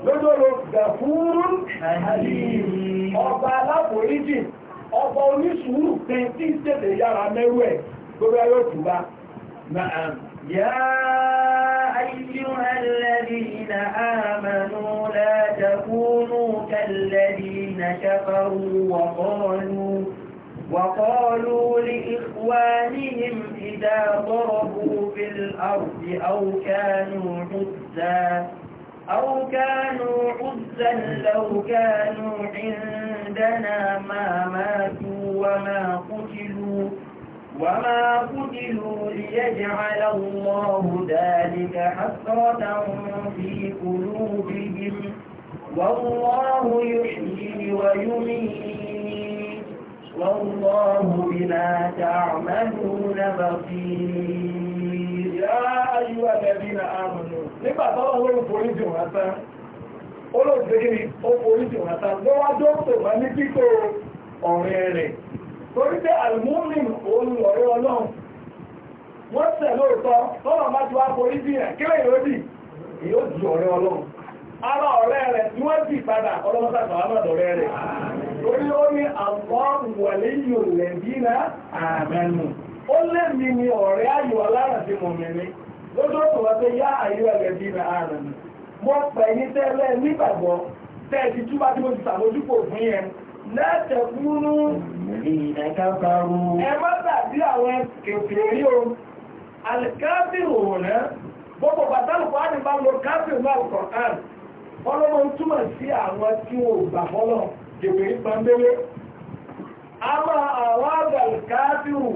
lójóró gàfúrún ọba aláforíjì ọba oníṣùúrù pé tí ìṣẹ̀lẹ̀ yára mẹ́rù ẹ̀ gbogbo ayọ́ tùbá نعم يا أيها الذين آمنوا لا تكونوا كالذين كفروا وقالوا وقالوا لإخوانهم إذا ضربوا في الأرض أو كانوا عزا أو كانوا عزا لو كانوا عندنا ما ماتوا وما قتلوا وما قتلوا ليجعل الله ذلك حسرة في قلوبهم والله يحيي ويميت والله بما تعملون بصير يا أيها الذين آمنوا nígbà tọ́lọ́ lórí foríjì wọn tán olóògbé gíní ó foríjì wọn tán lọ́wọ́ dókítà wọn ní títò ọ̀rẹ́ rẹ̀ torí pé àlùmúrin òun ọ̀rẹ́ ọlọ́run wọ́n tẹ̀ lóòótọ́ lọ́nà bá ti wá forí bí ẹ̀ kílẹ̀ yóò dì yóò di ọ̀rẹ́ ọlọ́run ara ọ̀rẹ́ rẹ̀ tí wọ́n dì padà ọlọ́mọ́sàkà wà náà dọ̀rẹ́ rẹ̀ torí ó ní àwọn wọ̀lé yóò lẹ̀bí na àmẹ́nu ó lè mi ni ọ̀rẹ́ ayò alára ti mọ̀ mẹ́ni lójó tó wá pé yá ayò ẹlẹ́bí na àmẹ́nu mo pẹ̀ ní tẹ́lẹ̀ nígbàgbọ́ tẹ́ẹ̀ ti túbá tí mo ti sàmójúpò fún yẹn lẹ́tẹ̀kúnú Ìdílé káfàrú. Ẹ má o. á ní bá lo káfìrù náà kọ̀ọ̀kan. Ọlọ́mọ ń túmọ̀ sí àwọn tí wọn ò fọ́lọ̀ A máa àwọn àgbà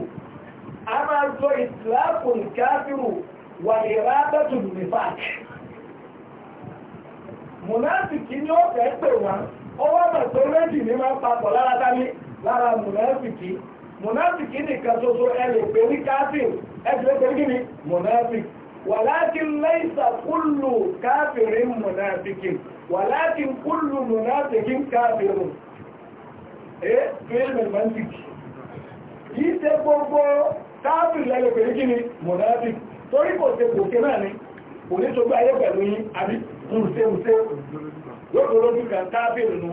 a máa jọ ìtìláàpù káfìrù wà ìrábẹ́tù nìfàkì. Mùnáfìkì ni ó fẹ́ pè wá, ọwọ́ mọ̀ ma lára mùnáfìkì mùnáfìkì nìkan ṣoṣo ẹ lè pè ní káfíìn ẹ ti lè pè ní kíni mùnáfìkì wàlákin lẹ́yìnsà kúlù káfíìn mùnáfìkì wàlákin kúlù mùnáfìkì káfíìn ẹ fílmù mùnáfìkì yìí ṣe gbogbo káfíìn lẹ́yìn pè ní kíni mùnáfìkì torí kò ṣe kò ṣe náà ni kò ní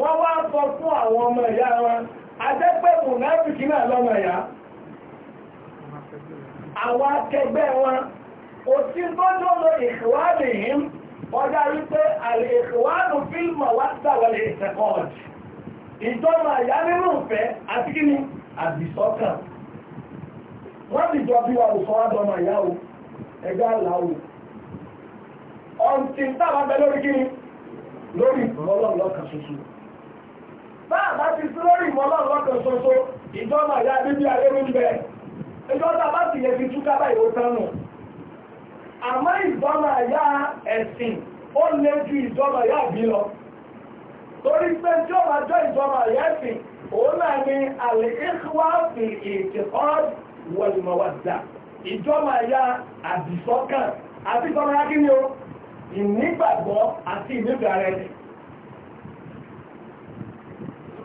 wọ́n wá sọ fún àwọn ọmọ ìyá wọn adẹ́pẹ́ mùnáfìkì náà lọ́mọ ìyá àwọn akẹgbẹ́ wọn òsì gbọ́dọ̀ lọ ìṣòwádì yìí ọjà wípé àlè ìṣòwádì fíìmù wá sàwọlé ìṣẹ̀kọ́ọ̀dì ìjọba ìyá nínú ìfẹ́ àti kíni àdìsọ́kàn wọ́n ti jọ bí wa ò sọ wádọ́mọ ìyá o ẹgbẹ́ àláwò ọ̀n ti ń tàbá bẹ lórí kíni lórí ìfọ́lọ́lọ́kan ṣoṣo báà bá ti sí lórí ìmọ̀ náà lọ́kàn ṣoṣo ìjọba ìyá bíbí ayé ń bẹ ìjọba bá sì yẹ fi túká báyìí ó tán nù àmọ́ ìjọba ìyá ẹ̀sìn ó lé ju ìjọba ìyá bí lọ torí pé tí ó máa jọ ìjọba ìyá ẹ̀sìn òun náà ni àlèkéwà fi ìtìkọ́d wọlùmọ̀wàdà ìjọba ìyá àdìsọ́kàn àti ìjọba ìyá kí ni ó ìnígbàgbọ́ àti ìnígbà rẹ̀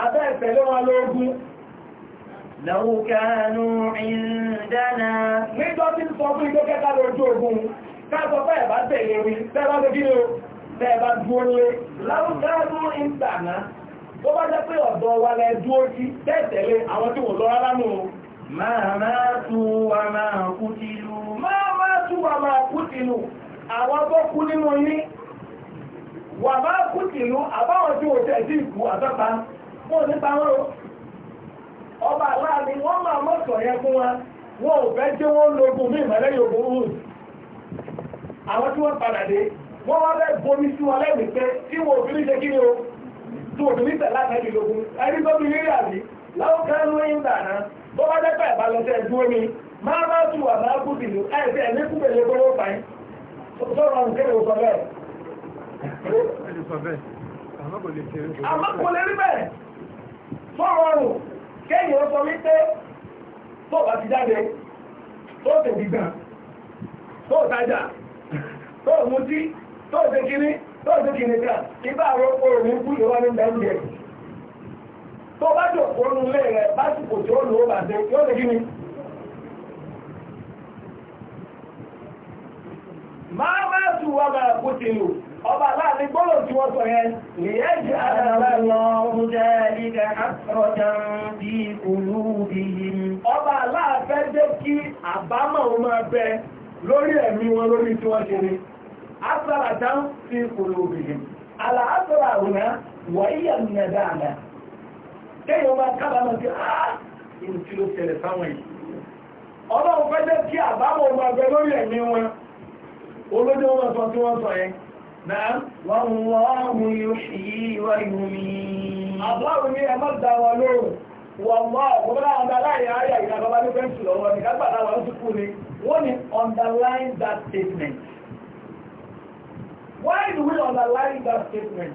abẹ́ ìtẹ̀lé wọn lóògùn lọ́wọ́ kánú ìdáná nígbọ́ tí sọ fún igbó kẹta lójú ogun káàkọ́ fẹ́ ẹ̀bá tẹ̀lé rí tẹ́bá tó kí ni ó tẹ́bá dúólé lọ́wọ́ kánú ìdáná tó bá jẹ́ pé ọ̀dọ̀ wa lẹ dúó sí tẹ́tẹ̀lé àwọn tí wò lọ́rá lánú máa máa tú wa máa wà máa kú tìlú àbáwọn tí wò tẹ̀ sí ìkú àtọ́ta wọn nípa wọn o ọba aláàbí wọn máa mọ̀sọ̀ yẹn fún wa wọn ò fẹ́ jẹ́ wọn ní ìmọ̀lẹ́ yòókù àwọn tí wọ́n padà dé wọ́n wá bẹ́ẹ̀ bomi sí wọn pé tí wọn ò fi ní ni o tí wọn ò fi ní tẹ̀lé àtàkì lógun ẹni tó fi rírì àbí láwọn kan ló ń dà náà bó bá dẹ́pẹ́ ìbálòsẹ̀ dúró ni máa bá kú fọ́rọ̀rùn kéyìn ó wípé tó bá ti jáde tó tèbí gbà tó tajà tó mutí tó ṣe kíní tó ṣe kíní ká ibà rọ́pò òní kú ìwà ní ìdájẹ́ tó bá jò kónú lé rẹ̀ básìkò tí ó ọba láàrin gbọ́lọ̀ tí wọ́n sọ yẹn lèyẹ́ jẹ́ àdàlọ́ ọmọdé ìgbà àkọ́jà bí olú bí ọba aláàfẹ́ jẹ́ kí àbámọ̀ ó máa lórí ẹ̀mí wọn lórí tí wọ́n ṣe fi olú kéèyàn kábàámọ̀ sí tí ló ṣẹlẹ̀ yìí fẹ́ jẹ́ kí àbámọ̀ lórí ẹ̀mí wọn sọ tí Náà. Wallahu yuhyi wa yumiit. Àbúrò ní ẹ má dá wa lóhùn. Wọ̀wọ́ ọ̀gbọ́n àdáláyé ayà ìdàgbàbá ní fẹ́ǹsì lọ́wọ́ ní kágbàdá wa ń tukú ni. Wọ́n ni underline that statement. Why do we underline that statement?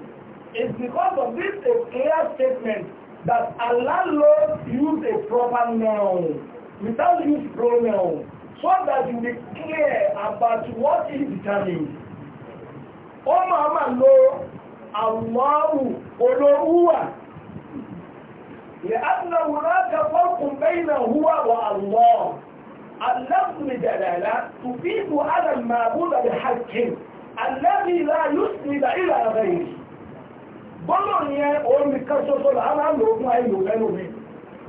It's because of this a clear statement that Allah Lord use a proper noun without use pronoun so that you be clear about what is determined ó máa ma lo àwọ̀wù olóhúwà لأنه هناك فرق بين هو والله اللفظ بدلالة تفيد على المعبود بحق الذي لا يسند إلى غيره bọ́lọ̀ yẹn òun nìkan ṣoṣo làwọn àlòògùn àìlò lẹ́nu mi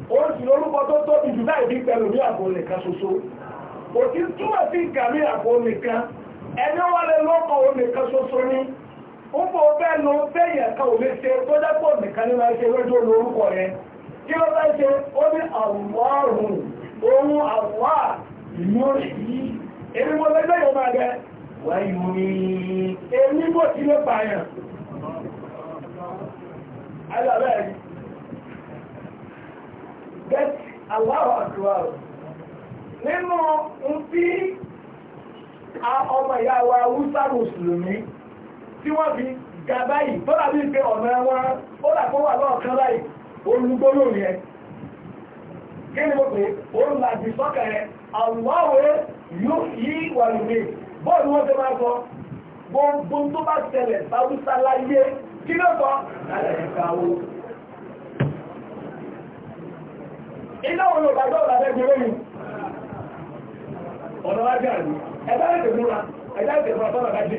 ó sì lórúkọ tó tóbi jù láì bí pẹ̀lú ní àbò nìkan ṣoṣo ẹni wọ́n lè lọ́kọ̀ omi kan ṣoṣo ní ó bọ̀ bẹ́ẹ̀ lọ bẹ́yẹ̀ kan ò lè ṣe tó dẹ́pọ̀ nìkan ní máa ṣe lójú olórúkọ rẹ kí ló bá ṣe ó ní àwọ̀rùn ohun àwọ̀ ìlú yìí èmi mo lẹ́gbẹ́ yóò máa gẹ wáyé mi èmi bò sí ló pààyàn alábẹ́ẹ̀ gẹ́t aláwọ̀ àdúrà nínú ń fi ọmọ ìyá wa wúsà mùsùlùmí tí wọ́n fi ga báyìí tó dàbí pé ọ̀nà wọn ó dà kó wà lọ́ọ̀kan báyìí olùgbóló yẹn kí ni mo pè ó ń làjì sọ́kà yẹn àwọ̀wé yóò yí wà lùmí bọ́ọ̀lù wọn ti máa sọ gbogbo tó bá tẹ̀lẹ̀ sáwúsá láyé kí ló sọ lálẹ́ ìkàwó iná wọn lò bàjọ́ ọ̀làdẹ́gbẹ̀rẹ́ mi ọ̀nà wájú àdúgbò ẹ̀dá ẹ̀dẹ̀ múra ẹ̀dá ẹ̀dẹ̀ múra sọ́nà dájì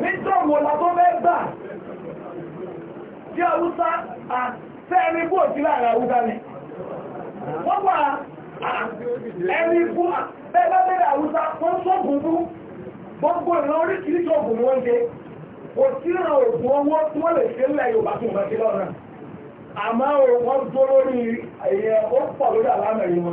nítorí wọn làbọ́ bẹ́ẹ̀ tí awúsá àtẹ́ẹ̀rí bó ti láàrin awúsá ni wọ́n gbà ẹ̀rí bú bẹ́ẹ̀ bẹ́ẹ̀ awúsá wọ́n sọ́gùn bú gbogbo wọ́n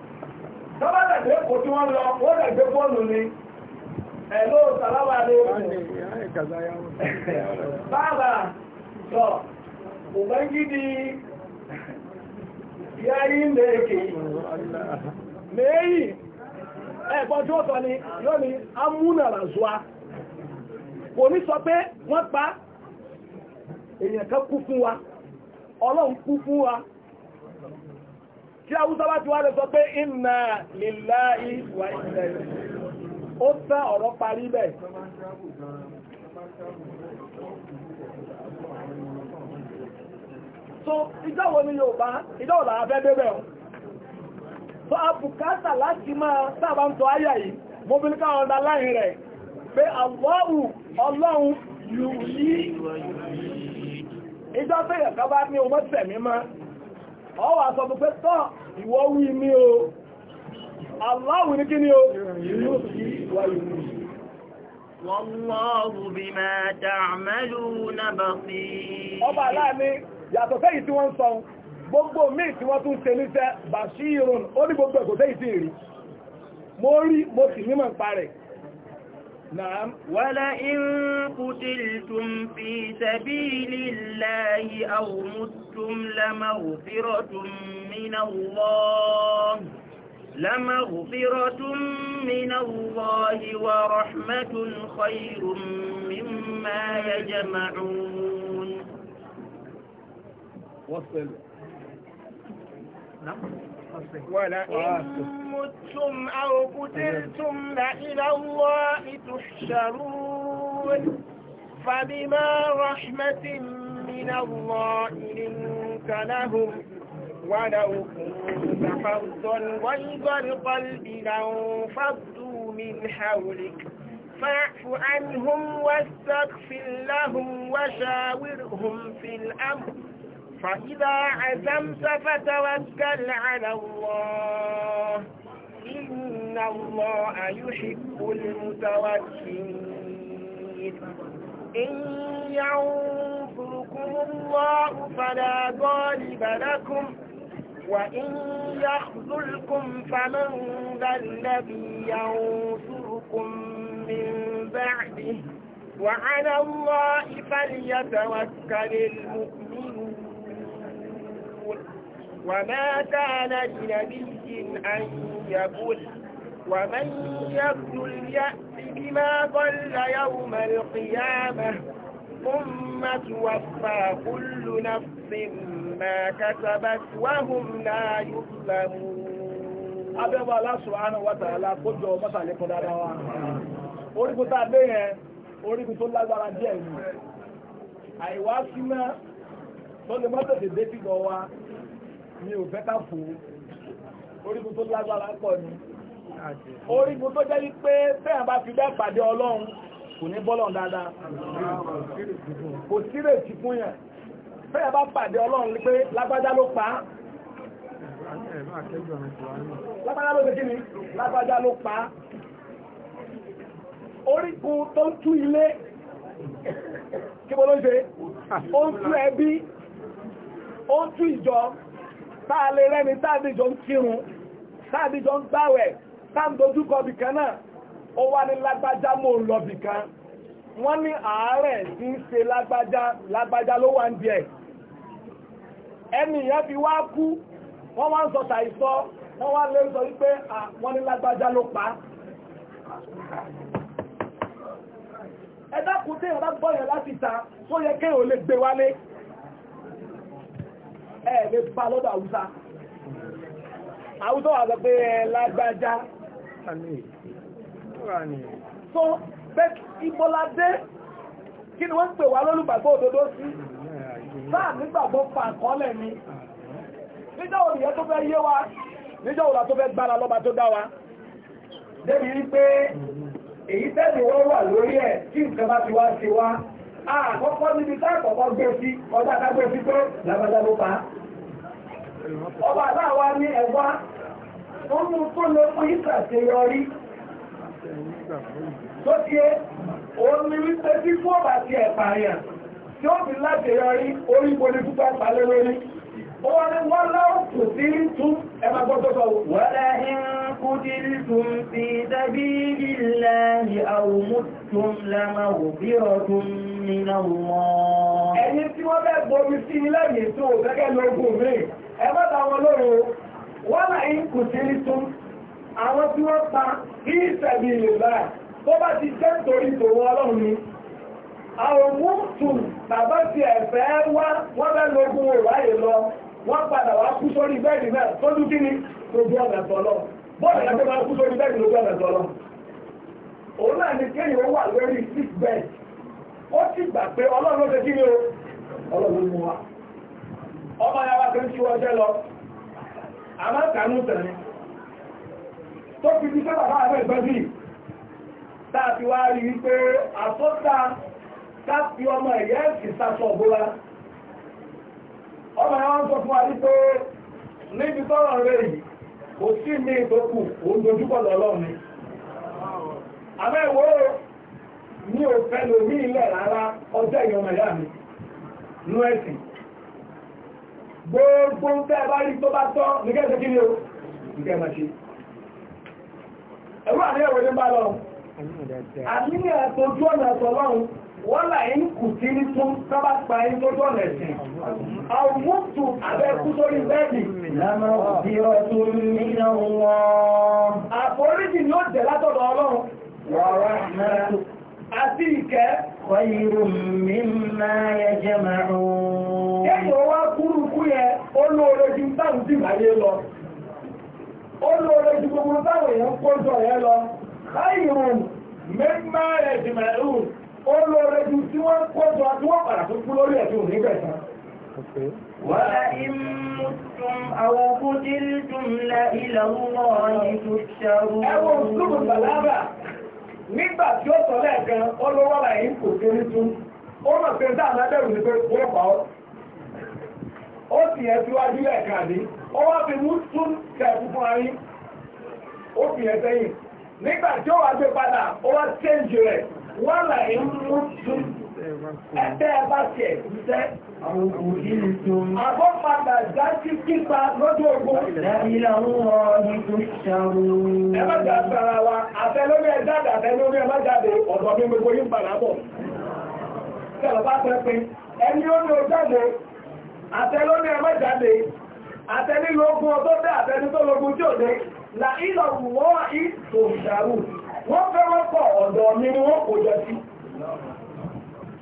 tọ́bá tàbí èkó tí wọ́n lọ wọ́n ni ẹ̀ló sàlábà ní bàbá sọ tí ó sọ ni yóò ní zuwa kò ní sọ pé wọ́n pa èèyàn kan kú fún tí Haúsá bá ti wá lè sọ pé inna lillahi wa inna ó tẹ́ ọ̀rọ̀ parí bẹ̀ so ìjọ́wò ní Yorùbá ìjọ́wò làá fẹ́ débẹ̀ ọ̀ so abùkátà láti máa sábà ń tọ́ ayà yìí mo bí ká ọ̀dá láyìn rẹ̀ pé àwọ́wù ọlọ́run yìí ìjọ́ tẹ́yẹ̀ ọwà sọ pé tọ́ ìwọ wí mí o aláwù ní kí ni o yóò sí wà ìlú Wallahu bima ta'maluna basir. Ọba aláàmì yàtọ̀ sẹ́yìn tí wọ́n ń sọ gbogbo míì tí wọ́n tún ṣe níṣẹ́ bàṣírùn ó ní gbogbo ẹ̀kọ́ نعم ولئن قتلتم في سبيل الله أو متم لمغفرة من الله لمغفرة من الله ورحمة خير مما يجمعون وصل نعم ولئن آه. متم أو قتلتم لإلى الله تحشرون فبما رحمة من الله لنت لهم ولو كنت حظا غيظ القلب لانفضوا من حولك فاعف عنهم واستغفر لهم وشاورهم في الأمر فإذا عزمت فتوكل على الله إن الله يحب المتوكلين إن ينصركم الله فلا غالب لكم وإن يخذلكم فمن ذا الذي ينصركم من بعده وعلى الله فليتوكل المؤمنين وما كان لنبي أن يبل ومن يبل يأت بما ضل يوم القيامة ثم توفى كل نفس ما كسبت وهم لا يظلمون abẹ́bọ̀ aláṣùwárán wátàlá kójọ mọ́sàlékún dáadáa wa orígun tá a lé yẹn orígun tó lágbára díẹ̀ yìí wa mi ò fẹ́ ká fò ó orígun tó lágbára pọ̀ ni orígun tó jẹ́ wípé bẹ́ẹ̀ bá fi bẹ́ẹ̀ pàdé ọlọ́run kò ní bọ́lọ̀ dáadáa kò sírètí fún yẹn bẹ́ẹ̀ bá pàdé ọlọ́run pé lágbájá ló pa orígun tó ń tú ilé kí bọ́ ló ń ṣe ó ń tú ẹbí ó ń tú ìjọ táà lè rẹ́ni táàdìjọ ń kírun táàdìjọ ń gbáwẹ̀ táàdójúkọ bìkan náà ó wá ní lágbájá mò ń lọ bìkan wọ́n ní àárẹ̀ tí ń ṣe lágbájá lágbájá ló wà ń di ẹ̀ ẹni ìyẹn fi wá kú wọ́n wá ń sọ tàìsọ wọ́n wá lè sọ wípé wọ́n ní lágbájá ló pa ẹ̀dá kù tí ìyẹn bá gbọ́yàn láti ta tó yẹ kéèyàn lè gbé wálé ẹ̀ẹ̀lẹ́ bá lọ́dọ̀ àwúsá àwúsá wà sọ pé ẹ lágbájá so bẹ́k ìbọ́ládé kí ni wọ́n ń pè wá lólùgbàgbọ́ òdodo sí sáà nígbàgbọ́ pàkọ́lẹ̀ ni níjọ́ òrìyẹ́ tó fẹ́ yé wa níjọ́ òrà tó fẹ́ gbára lọ́ba tó dá wa débi wípé èyí tẹ́lẹ̀ wọ́n wà lórí ẹ̀ tí nǹkan bá ti wá ti wá àkọ́kọ́ níbi táàkọ̀kọ́ gbé sí ọjọ́ àtàgbé sí pé lábàdá pa ọba aláwa ní ẹ̀wá ọmọ tó lè fún ìsàṣeyọrí tó ti é òun ni wípé tí fún ọba ti ẹ̀pà àyàn tí ó fi láṣeyọrí orí ìbòlí púpọ̀ palẹ́ lórí Wọ́n wọ́n lọ́wọ́ kò sí tún ẹmà gbọ́dọ̀ sọ wọ́n lẹ́yìn tún sí tẹ́bí ilẹ̀ ni àwọn mú ọdún. من الله ẹni tí wọ́n bẹ́ gbomi sí ilé yìí tó gẹ́gẹ́ lógún mi ẹ bá táwọn lóru wọ́n là ń kù sí ní tún àwọn tí wọ́n pa bí ìṣẹ̀bí ìlúbà tó bá ti jẹ́ torí tòun ọlọ́run ni àwọn múùtùn bàbá ti ẹ̀fẹ́ wá wọ́n bẹ́ lógún òráyè lọ wọ́n padà wá kú sórí bẹ́ẹ̀dì náà tó dún kí ni lójú ọ̀nà tọ́lọ́ bọ́ọ̀lù ẹgbẹ́ máa kú sórí bẹ́ẹ̀dì lójú ọ̀nà tọ́lọ́ òun náà ni kéèyàn wà lórí sick bed ó ti gbà pé ọlọ́run ló kí ni o ọlọ́run mú wa ọmọ lọ àmákanú tẹ̀lé tó fi ti fẹ́ bàbá ìgbẹ́bí tàbí wá rí wípé àtọ́ta káàkiri ọmọ ẹ̀yẹ́ ẹ̀sìn sásọ ọ̀bọ́lá ọmọ yàrá fún wa níbi rẹ̀ yìí kò sí ní o fẹ́ lo ní ilẹ̀ rárá ọjọ́ ìyọmọ ìyá mi nú ẹ̀sìn gbogbo ń fẹ́ bá rí tó bá tọ́ ní kẹ́sẹ̀ kí ni o nìkẹ́ máa ṣe ẹ̀rú àníyàn wọlé bá lọ àníyàn tó ojú ọ̀nà ẹ̀sọ̀ lọ́run wọ́n là ń kù sí ní tún sábà pa ẹni tó tọ́ lẹ̀sìn àwọn mọ́tò abẹ́kú sórí bẹ́ẹ̀dì lámọ́ òbí ọdún nínú wọn àforíjì ni ó jẹ́ látọ̀dọ̀ ọlọ́run wọ́n rẹ̀ àti ìkẹ́ wọ́yìnrún mímá ẹjẹ́ márùn-ún kẹ́yìn wá kúrùkú yẹ olóore ju táwọn tí máa yé lọ olóore ju gbogbo táwọn èèyàn kójọ yẹ lọ wọ́yìnrún mímá ẹjẹ́ márùn-ún olóore ju tí wọ́n kójọ tí wọ́n padà tó kú lórí ẹ̀tún nígbẹ̀sán وَإِن مُتُّمْ أَوْ قُتِلْتُمْ لَإِلَى اللَّهِ تُحْشَرُونَ nígbà tí ó sọ lẹ́ẹ̀kan ó ló wọ́n kò sí ní tún ó mọ̀ pé sáà náà ní pé wọ́n pa ọ́ ó sì yẹn síwájú lẹ́ẹ̀kan àdé ó wá fi mú tún kẹ̀kú fún ayé ó fi yẹn sẹ́yìn nígbà tí ó wá gbé padà ó wá rẹ̀ wọ́n láyé mú tún Àgbọ́padà jájí kípa lọ́dún ogun. Ìlà ń rọ ní tó ṣàrù. Ẹ má jà sára wa, àfẹ́ lórí ẹ̀dáàdà àfẹ́ lórí ẹ má jáde mi gbogbo yí padà bọ̀. Ṣẹ̀lọ̀ bá pẹ́ pé ẹni ó ní ojáde, àfẹ́ lórí ẹ má jáde, àfẹ́ nílò ọdọ́ bẹ́ àfẹ́ tó lógun tí ò dé. Là ìlọ̀ wọ́n ì tó Wọ́n fẹ́ wọ́pọ̀ ọ̀dọ̀ mi wọ́n kò jọ sí.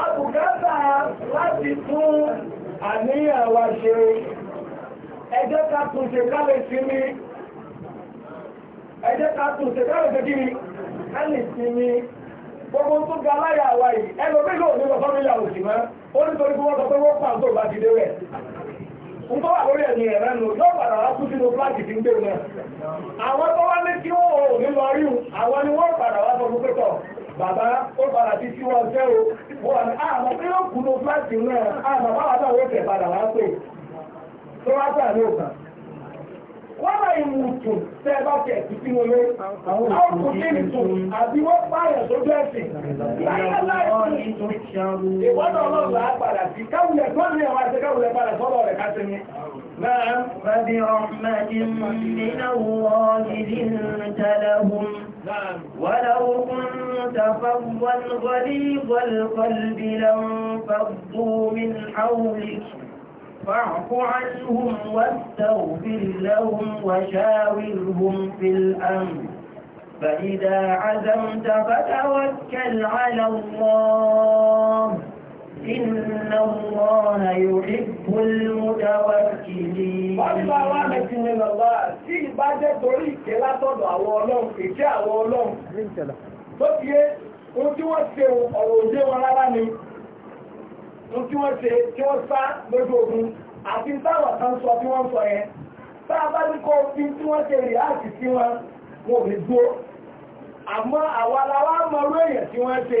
àbùkátà láti tún àníyàn wa ṣe ẹjẹ́ ká kálẹ̀ sí mi ẹjẹ́ kálẹ̀ sí sí mi gbogbo tó ga láyà wa yìí ẹgbẹ́ bí ní lọ fọ́nmílà òsì mọ́ ó nítorí bí wọ́n sọ pé wọ́n bá ti dé rẹ̀ ń bọ́ wà lórí ẹ̀mí ẹ̀rẹ́ nù yóò padà wá kú sínú fúláàgì tí ń gbé wọn. àwọn tó wá ní kí wọ́n ò ní lọ rí àwọn ni wọ́n padà wá sọ fún pẹ́tọ̀ bàbá ó padà bí sí wọn fẹ́ o wọ́n àmì àmọ́ ah, pé ó kùnú fúláṣì náà àmọ́ ah, báwa náà ó tẹ̀ padà wá pé tó wá gbà ní òkà wọ́n bá ìmù tù tẹ́ bá tẹ̀ sí sí wọn lé àwọn kò sí tù àbí wọ́n pààyàn tó bẹ́ẹ̀ sìn láyé láyé ìwọ́dọ̀ ọlọ́run á padà sí káwulẹ̀ tó ní àwọn àti káwulẹ̀ padà sọ́dọ̀ rẹ̀ ká sí ni. Fàbí ọ̀hún máa ń mú nínú wọ́n ìdí ń tẹ́lẹ̀ hùn. ولو كنت فظا غليظ القلب لانفضوا من حولك فاعف عنهم واستغفر لهم وشاورهم في الأمر فإذا عزمت فتوكل على الله إن الله يحب المتوكلين Bọ́díbá wá mẹ́tí ní lọ́lá tí ìbá jẹ́ torí ìké látọ̀dọ̀ àwọn ọlọ́run, ìké àwọn ọlọ́run. Tó ti yé, ohun tí wọ́n ṣe ọ̀rọ̀ òjé wọn rárá ni, ohun tí wọ́n ṣe tí wọ́n sá lójú ogun, àti táwọn kan sọ tí wọ́n sọ yẹn. Tá bá ní kọ́ fi tí wọ́n ṣe rí àti sí wọn, wọn ò gbó. Àmọ́ àwa la wá mọ orí tí wọ́n ṣe.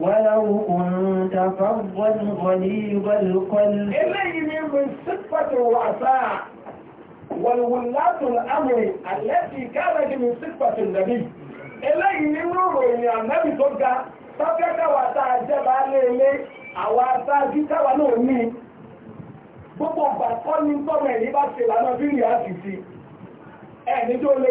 ولو كنت فظا غليظ القلب إليه من صفة الرؤساء والولاة الأمر التي كانت من صفة النبي إليه من رؤيا النبي تلقى tọ́kẹ́kẹ́ wà táa jẹba lé ilé gbogbo ọgbà kọ́ ní tọ́mọ̀ ẹ̀yí bá ṣe lánàá bí rí àṣìṣì ẹ̀ níjó lè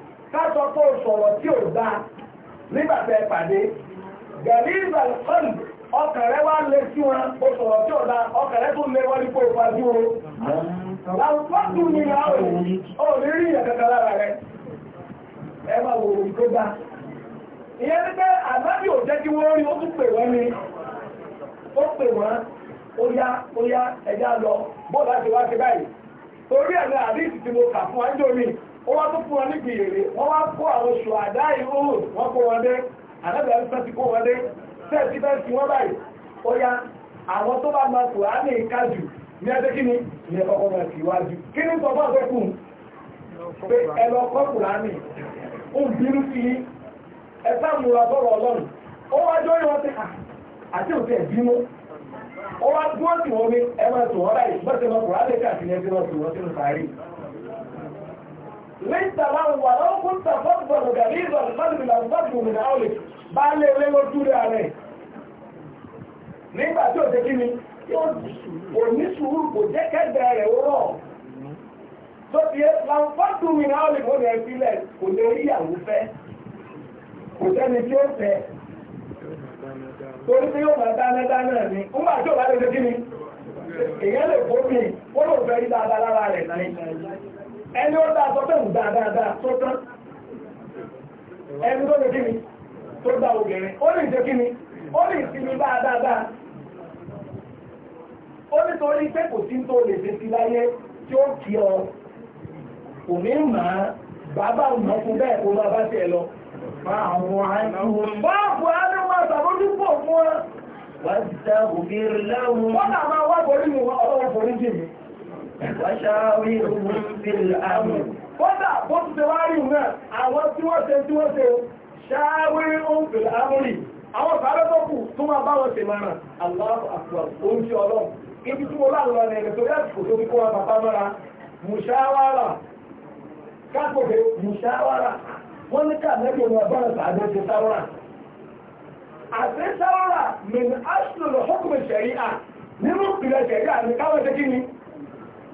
kásọ pé o sọ̀rọ̀ tí ò nígbà tẹ pàdé ọkàn rẹ wá sí wọn o sọ̀rọ̀ tí ò dáa ọkàn rẹ tó lé wọlé kó o fa sí wọn. ni ra ò ní rí ìyẹn lára rẹ ẹ máa wò ó tó dáa. ìyẹn ní pé àbábí ò jẹ́ kí wọ́n rí ó tún pè wọ́n ni ó pè wọ́n ó yá ó yá ẹ̀já lọ bọ́ọ̀lù àti wá báyìí torí ẹ̀rọ mo kà fún wa ń ó wá tó fún wọn ní gbèrè wọ́n wá kó àwọn oṣù àdá ìhóhùn wọ́n kó wọn dé àdábẹ̀ ti kó wọn dé tẹ́ẹ̀tì bẹ́ẹ̀ fi wọ́n báyìí ó yá àwọn tó bá máa ní ní ẹgbẹ́ kí ni ní wọn ti wájú kí ni sọ́kọ́ pé ẹ lọ kọ́ ń bínú sí ẹ sáàmùra ọlọ́run ó wọ́n ti hà ah, àti ó wá ليس له ولو كنت فضل غليظ القلب لانفضوا من حولك bá lé ewé ló dúró ààrẹ nígbà tí ó ṣe kí ni kò ní sùúrù kò jẹ́ kẹ́gbẹ́ rẹ̀ ó rọ̀ tó ti láǹfààdù mi náà lè mọ́ rẹ̀ sílẹ̀ kò lè rí ìyàwó fẹ́ kò sẹ́ni tí ó fẹ́ torí pé yóò máa dáná dáná ni nígbà tí ó bá lè ṣe kí ni èèyàn lè fọ́ mi wọ́n lò fẹ́ rí dáadáa lára rẹ̀ náà ẹni ó dá sọ bẹ́ẹ̀ dáadáa tó tán ẹni tó lè kí ni tó gba obìnrin ó lè jẹ́ ni ó lè sinmi dáadáa ó nítorí pé kò sí tó lè ṣe sí láyé tí ó kí ọ kò ní mà bàbá ọmọ fún bẹ́ẹ̀ kó máa bá tiẹ̀ lọ. Báàbù Adéwà ṣàmójúpò fún wọn. Wọ́n ti wá mi ọlọ́wọ́ borí jì وشاورهم في الأمر kódà bó ti ṣe wárí náà àwọn tí wọ́n ṣe tí wọ́n ṣe ṣáwírún fìlà ámúrì àwọn sàárẹ́ tó kù tó máa bá wọn ṣe máa ràn Allahu Akbar oúnjẹ ọlọ́run ibi tí mo láàrọ̀ rẹ̀ rẹ̀ tó yẹ kò tó fi kó wọn bàbá mọ́ra mùṣáwárà kápòkè mùṣáwárà wọ́n ní ká mẹ́bí wọn bá wọn sàárẹ́ ṣe sáwárà àti sáwárà min aṣọ lọ́kùnrin ṣẹ̀ríà nínú ìpìlẹ̀ ṣẹ̀ríà ní káwọn ṣe kí ni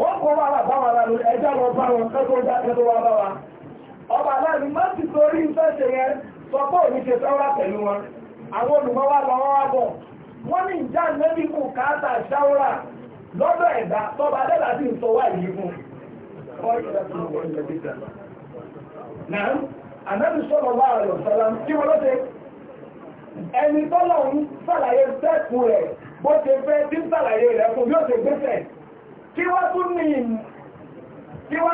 wọ́n kọ́ wà lábá wà lọ bá wọn ọba aláàrí má ti torí ń ṣe yẹn sọ pé òní ṣe sọ́wọ́ pẹ̀lú wọn àwọn olùmọ́ wà lọ wọ́n wá bọ̀ wọ́n ní ìjà kù káàtà lọ́dọ̀ ẹ̀dá tọba adẹ́là sì sọ fún wà sọ́lá kí wọ́n ẹni ń sàlàyé sẹ́kù rẹ̀ bó ṣe fẹ́ tí ń sàlàyé rẹ̀ fún kí wọ́n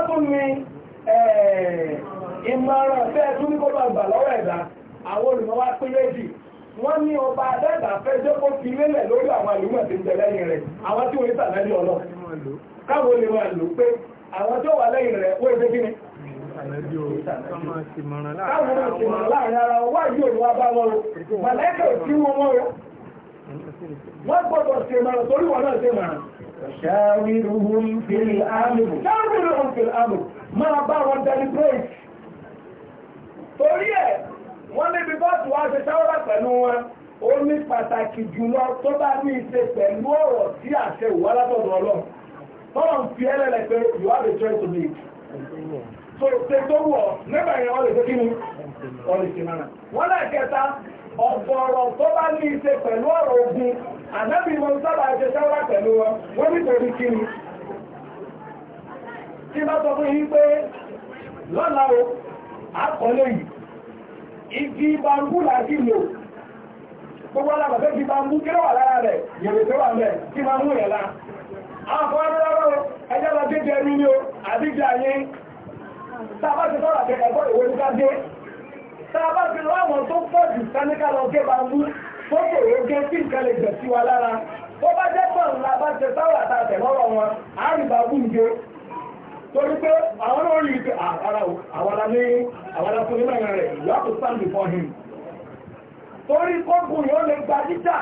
tún ní ìmọ̀ràn fẹ́ tún ní kó bá gbà lọ́wọ́ ẹ̀dá àwọn olùmọ́wá pín méjì wọ́n ní ọba adẹ́gbà fẹ́ jẹ́ kó fi lélẹ̀ lórí àwọn àlùmọ̀ tí ń jẹ lẹ́yìn rẹ̀ àwọn tí wọ́n ń sàlẹ́lì ọlọ́ káwọn olè máa lò pé àwọn ṣáwírùhùn fi àmìrù ṣáwírùhùn fi àmìrù máa bá wọn deliberate torí ẹ̀ wọ́n níbi bọ́ọ̀tù wá ṣe ṣáwọ́rà pẹ̀lú wọn ó ní pàtàkì jùlọ tó bá ní ìṣe pẹ̀lú ọ̀rọ̀ tí àṣẹ ìwà látọ̀dọ̀ ọlọ́run tọ́lọ̀ ń fi ẹlẹ́lẹ̀ pé you have a choice to make so ṣe tó wọ̀ nígbà yẹn wọ́n lè ṣe kí ni wọ́n lè ṣe náà wọ́n lẹ́ẹ̀kẹta ọ̀pọ̀ ọ̀rọ̀ tó bá ní pẹ̀lú ọ̀rọ̀ ogun ànábì mọ́ sábà ṣe sáwà pẹ̀lú wọn wọ́n nítorí kí ni tí bá sọ fún yín pé lọ́la o yìí gbogbo alábàbẹ́ ti bambú kí wà lára rẹ̀ tó wà mẹ́ tí mú àwọn arọ́rọ́ ẹjọ́ lọ gẹ́gẹ́ o tá fi láwọn tó pọ̀ jù sáníkà gé bá mú fókè oge tí nǹkan lè jẹ̀ sí wa lára ó bá jẹ́ pọ̀ ńlá bá ṣe sáwà ta tẹ̀lọ́rọ̀ wọn á rí torí pé àwọn náà rí ipe àwàrà àwàrà fún nínú ẹ̀rọ rẹ̀ you have to stand before him torí kókùn yóò lè gba títà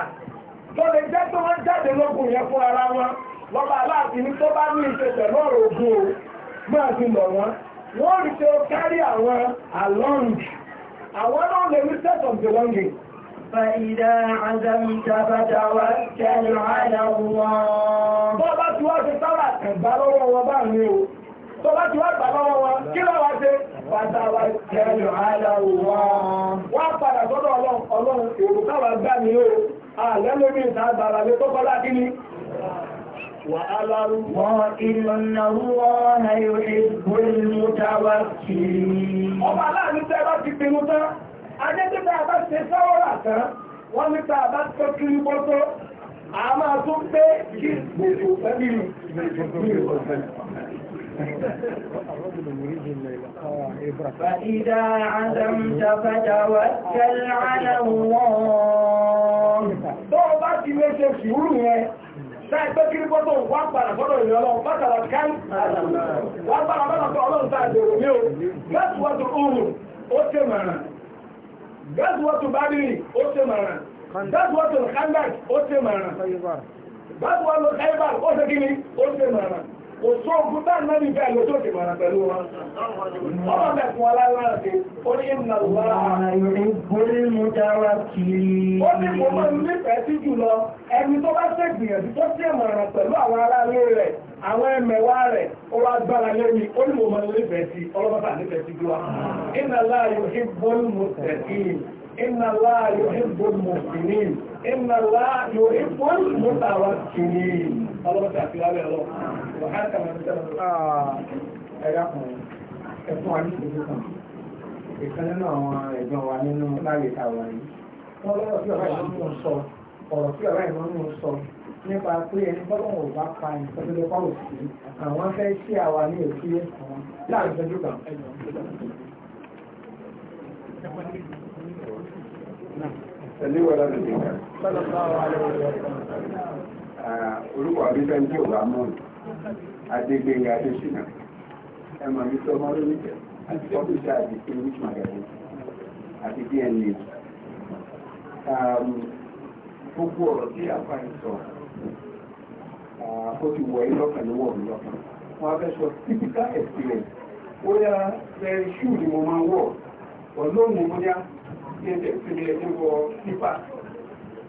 tó lè jẹ́ pé wọ́n jáde lókùn yẹn fún ara wọn lọ́ba aláàfin tó bá ní ìṣe pẹ̀lú ọ̀rọ̀ ogun o máa fi lọ̀ wọ́n wọ́n rí pé ó kárí àwọn along àwọn náà lè rí sense of belonging. فإذا عزمت فتوكل على الله. Bọ́ bá ti wá ṣe sára ẹ̀gbá lọ́wọ́ wọn bá mi o. Tó bá ti wá gbà lọ́wọ́ wọn, kí lọ́wọ́ ṣe? فتوكل على الله. Wọ́n padà وعلى الله إن الله يحب المتوكلين ọba láàrin tẹ́ bá ti pinnu tán ajẹ́jẹ́ta bá ṣe sáwọ́rà tán wọ́n ní tàà bá tó kiri bọ́tọ́ a máa tún pé ti lè ṣe yẹn, táì pé kí ní pọ́tò wá padà fọ́dọ̀ ìlú ọlọ́run bátàlá káì wá padà bọ́dọ̀ tó ọlọ́run táà dèrò ní o gẹ́sù wọ́n tó oòrùn ó ṣe mọ̀ràn gẹ́sù wọ́n tó bábìrì ó ṣe mọ̀ràn gẹ́sù wọ́n tó kándáì ó ṣe mọ̀ràn gẹ́sù wọ́n tó káìbà ó ṣe kí ni ó ṣe mọ̀ràn kò tó ogun tá náà níbẹ̀ lójó ti mara pẹ̀lú wọn ọmọ mẹ́kún aláìlára ti ó ní ìrìnà lọ́wọ́ ìgbórí mú dára kiri ó ní mo mọ́ nífẹ̀ẹ́ sí jùlọ ẹni tó bá ṣe gbìyànjú tó sí ìmọ̀ràn pẹ̀lú àwọn aráalé rẹ̀ àwọn ẹmẹ̀wá rẹ̀ ó wá gbára lẹ́mi ó ní mo mọ́ nífẹ̀ẹ́ sí nífẹ̀ẹ́ sí jùlọ إن الله يحب المسلمين إن الله يحب المتوكلين الله تعالى يا الله وحتى ما نتبع ẹ̀dàkùn ẹ̀fún àníṣojú kan ìkan nínú àwọn ẹ̀gbọ́n wa nínú láyé ta wà yìí wọ́n lọ́rọ̀ tí ọ̀rọ̀ ìmọ̀ ń sọ ọ̀rọ̀ tí ọ̀rọ̀ ìmọ̀ ń sọ nípa pé ẹni bọ́lọ́wọ̀n ò bá pa nǹkan tó lè pa òsì àwọn fẹ́ sí àwa ní òkú yẹn láàrin ìṣẹ́jú kan tẹ̀lé wọlé lè dé kan. orúkọ abífẹ́ ń tí ò bá mọ̀ ní adégbéyà adésínà ẹ mọ̀ mi tó mọ́rú níjẹ̀ àti ọ́fíìsà àti english magazine àti dna. gbogbo ọ̀rọ̀ tí àfa ń sọ ó ti wọ ilé ọkàn ló wọ̀ mí lọ́kàn. wọ́n á fẹ́ sọ typical experience. ó yára fẹ́ ṣú ni mo máa wọ̀ ọ̀lọ́run kéde ìpele ẹni wọ nípa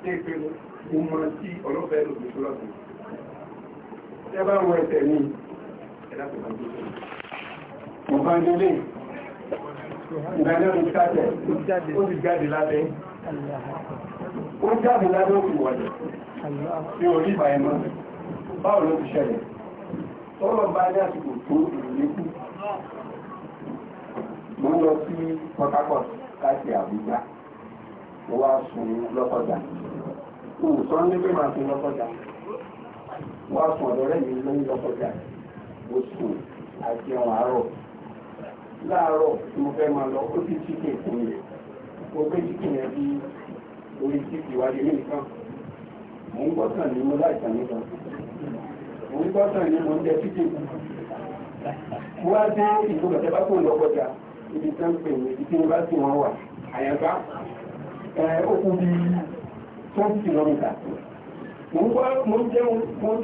ní ìpele ìmọ̀ tí ọlọ́fẹ́ lòdì tó lọ́sùn. Ṣé bá wọ ẹsẹ̀ ní ẹ̀dá tó bá gbé sọ? Mo bá ní ilé ìdájọ́ ní sáfẹ̀ ó ti jáde lábẹ́. Ó jáde lábẹ́ òkú wọ̀lẹ̀. Ṣé orí ìbá ẹ̀ mọ́? Báwo ló ti ṣẹlẹ̀? Tọ́lọ̀ bá ní àsìkò tó ìrìnlẹ́kù. Mo ń lọ sí Port Harcourt láti Àbújá mo wá sùn lọ́kọjà mo ní pé màá sùn lọ́kọjà wá sùn ọ̀dọ̀ mi lóyún lọ́kọjà mo sùn àti ọ̀hún àárọ̀ láàárọ̀ tí mo fẹ́ máa lọ ó ti chíkè fún mi mo gbé chíkè yẹn bí orí títì wájú mi nìkan mo ń gbọ́tàn ní mo láìsàn nìkan mo ń gbọ́tàn ní mo ń jẹ chíkè mo wá dé ìgbọ́dọ̀ tẹ́ bá kó lọ́kọjà. ibi tó ń ní ní bá tí wọ́n wà àyàbá okùn bí twenty kilometre mo ń gbọ́ mo mo ń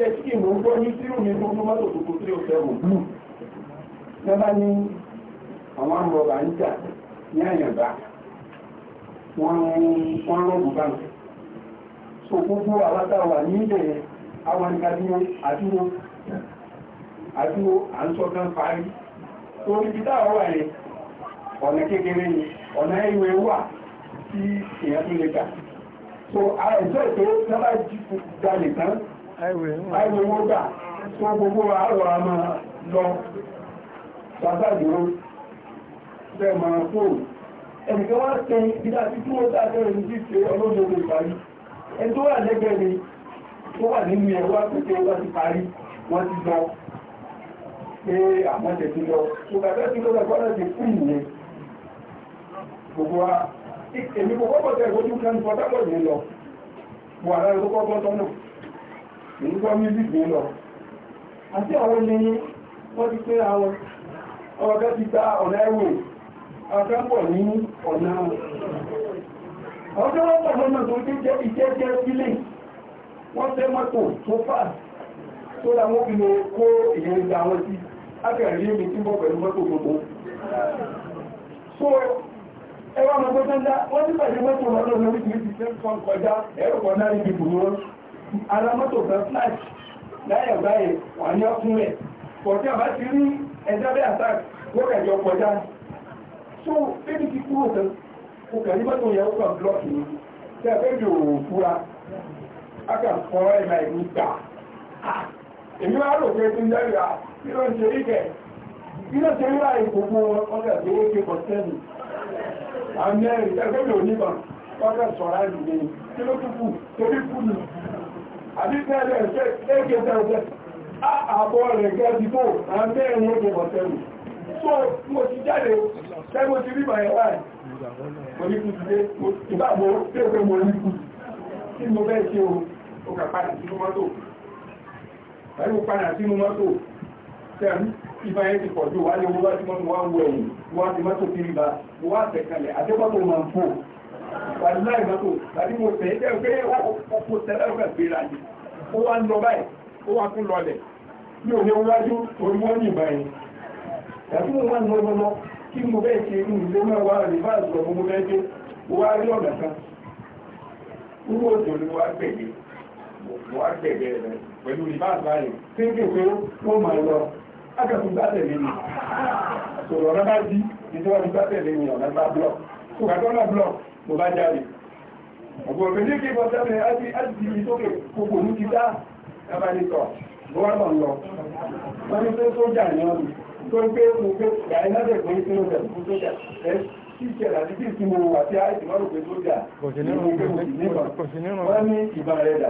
gbọ́ ní tírù mi fún mọ́tò tuntun tí lọ́ba ní àwọn àmọ̀bà ń ní àyàbá wọ́n wọ́n so gbogbo alátàwà ní ilẹ̀ àwọn kan parí orí táwọn wà ọ̀nà kékeré ni ọ̀nà ìwé wà tí èèyàn so ẹjọ́ ìpé lọ́bá jalè tán àìwé wọ́n gbà tó gbogbo àárọ̀ a máa lọ bàbá bẹ́ẹ̀ máa fóònù ẹnìkan wá tẹ ìdá tí tí wọ́n dáadọ́ ẹni tí ṣe ọlọ́dọ̀ ìparí ẹni tó wà lẹ́gbẹ̀ẹ́ ni tó wà nínú ẹ̀rọ wá pẹ̀lú wọ́n ti parí wọ́n ti lọ pé àmọ́tẹ̀ ti lọ gbogbo wa èmi kò kọ́kọ́ tẹ̀ ìwọ́jú kan ní yìí lọ wà lára ìkókọ́ tọ́tọ́ náà èyí kọ́ music yìí lọ àti àwọn ènìyàn wọ́n ti pé àwọn ọmọ kan ti gba ọ̀nà ẹ̀wò ní ọ̀nà tó ti jẹ́ sílẹ̀ wọ́n tẹ́ mọ́tò tó fà tó làwọn kó ìyẹn akẹ́rẹ́ tí pẹ̀lú mọ́tò gbogbo ẹwà ọmọ tó tán dá wọ́n nígbà tí mọ́tò wọn lọ lórí kìí ti fẹ́ kọ́ kọjá ẹ̀rọ kan náà níbi bùrọ̀ ara mọ́tò kan flash láyẹ̀ báyìí wà ní ọkùn rẹ̀ pọ̀tí àbá ti rí ẹ̀dábẹ́ attack wọ́n kẹjọ kọjá so bébí ti kúrò tán kò kẹ̀lí mọ́tò yẹn ó kàn blọ́ọ̀kì ni tẹ́ bébí ò fura a kàn fọ́ ẹ̀mà ìlú gbà èmi wá rò pé tó ń dẹ́rù à kí ló ń ṣe rí kẹ̀ kí ló ń ṣe rí láì amẹ́rin tẹ́gbẹ́lẹ̀ oníbà kọ́kẹ́ sọ̀rọ̀ àdìgbé kí ló kúkú torí kú nù àdìgbẹ́lẹ̀ ẹ̀ṣẹ́ ẹgbẹ́gbẹ́ àbọ̀ rẹ̀ gẹ́ẹ̀dì bò amẹ́rin ogun ọ̀tẹ́rù so mo ti jáde tẹ́gbọ́ ti rí bàyẹ̀ láì mo ní kú sílé ìbáàbò tẹ́gbẹ́ mo ní kú kí mo bẹ́ẹ̀ ṣe o kà padà sínú mọ́tò tẹ́rù ìfà yẹn ti pọ̀jú wá ní owó láti mọ́tò wá wọ ẹ̀yìn wá ti mọ́tò kiri bá wá tẹ̀kalẹ̀ àdébọ́tò máa ń fò pàdé láì mọ́tò tàbí mo tẹ̀ ẹ́ pé ọkọ̀ tẹ́lẹ̀ ọkọ̀ gbéra ni ó wá ń lọ báyìí ó wá tún lọlẹ̀ ní òní wájú orí wọ́n ní ìbáyìí tàbí mo máa ń lọ lọ kí mo bẹ́ẹ̀ ṣe inú ilé máa wá rẹ̀ bá àzọ̀ mo bẹ́ẹ̀ dé wá rí ọ̀nà kan irú òjò ni wá gbẹ̀gbẹ̀ wá gbẹ̀gbẹ̀ rẹ̀ pẹ̀lú ìbá àbáyìí ó máa lọ agàtún bá tẹ̀lé mi sọ̀rọ̀ ọ̀rọ̀ bá jí ìjọba ti bá tẹ̀lé mi ọ̀nà bá blọ̀ tó bá tọ́lá blọ̀ mo bá jáde ọ̀pọ̀ òbẹ̀lẹ́ kí bọ́ sẹ́lẹ̀ áti áti ìtókè kòkò ní ti dá abánikọ̀ bọ́wọ́lọ̀ lọ wọ́n ní pé sójà ní ọdún tó ń pé mo pé gàí lọ́dẹ̀ pé ń sínú rẹ̀ fún sójà ẹ́ kíkẹ́ àti kí ìsinmi wo àti àìsí mọ́rùn pé sójà ní mo pé mo sì níbọn wọ́n ní ìbọn rẹ̀ dà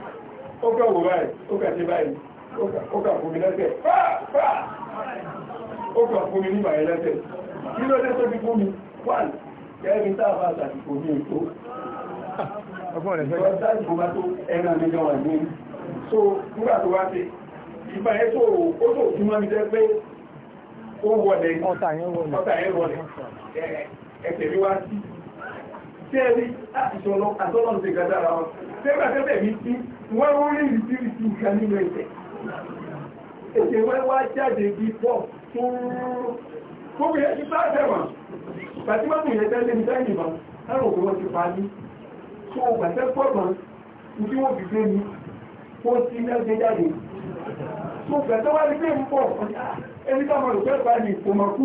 ó kà wò báyìí ó kà ṣe báyìí ó kà fún mi lẹ́sẹ̀ fáà ó kà fún mi ní màá lẹ́sẹ̀ kí ló dé tó fi fún mi wọ́n kẹ́ẹ̀mí táàbà àtàkùn ní ètò ọgbọ́n rẹ̀ fẹ́ ìgbọ́n bá tó ẹran ní jọwà ní so nígbà tó wá sí ìgbà ẹ́ tó ó tó tẹ́ẹ̀rí àtìṣọ́lọ́ àtọ́lọ́ ti gàdá ara wọn tẹ́gbà tẹ́bẹ̀ mi tí wọ́n ń rí ìrírí sí ìka nínú ẹ̀sẹ̀ ètè wọ́n wá jáde bí pọ̀ tó wù yẹn ti bá tẹ̀wọ̀n pàtí wọ́n mú yẹn tẹ́lẹ̀ ní sáyìn ìbọn láàrùn òkú wọn ti pa ní tó o pàtẹ́ pọ̀gbọ̀n tí wọ́n fi gbé ní kó sí lẹ́gbẹ́ jáde tó fẹ́ tó wá ní pé ń pọ̀ ah, ẹni táwọn olùkọ́ ìpàdé kò mọ̀ kú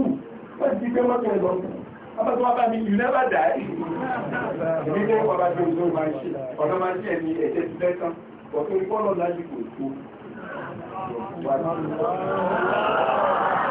wọ́n ti di pé mọ́tò ẹ̀ lọ́kùn ọmọ bá mi you never die ìbí tẹ́ ọba jẹ́ òṣèrò máa ṣe ọ̀nà máa ṣe ẹni ẹ̀jẹ̀ ti lẹ́tàn ọ̀tún ìfọ́lọ̀ lájú kò tó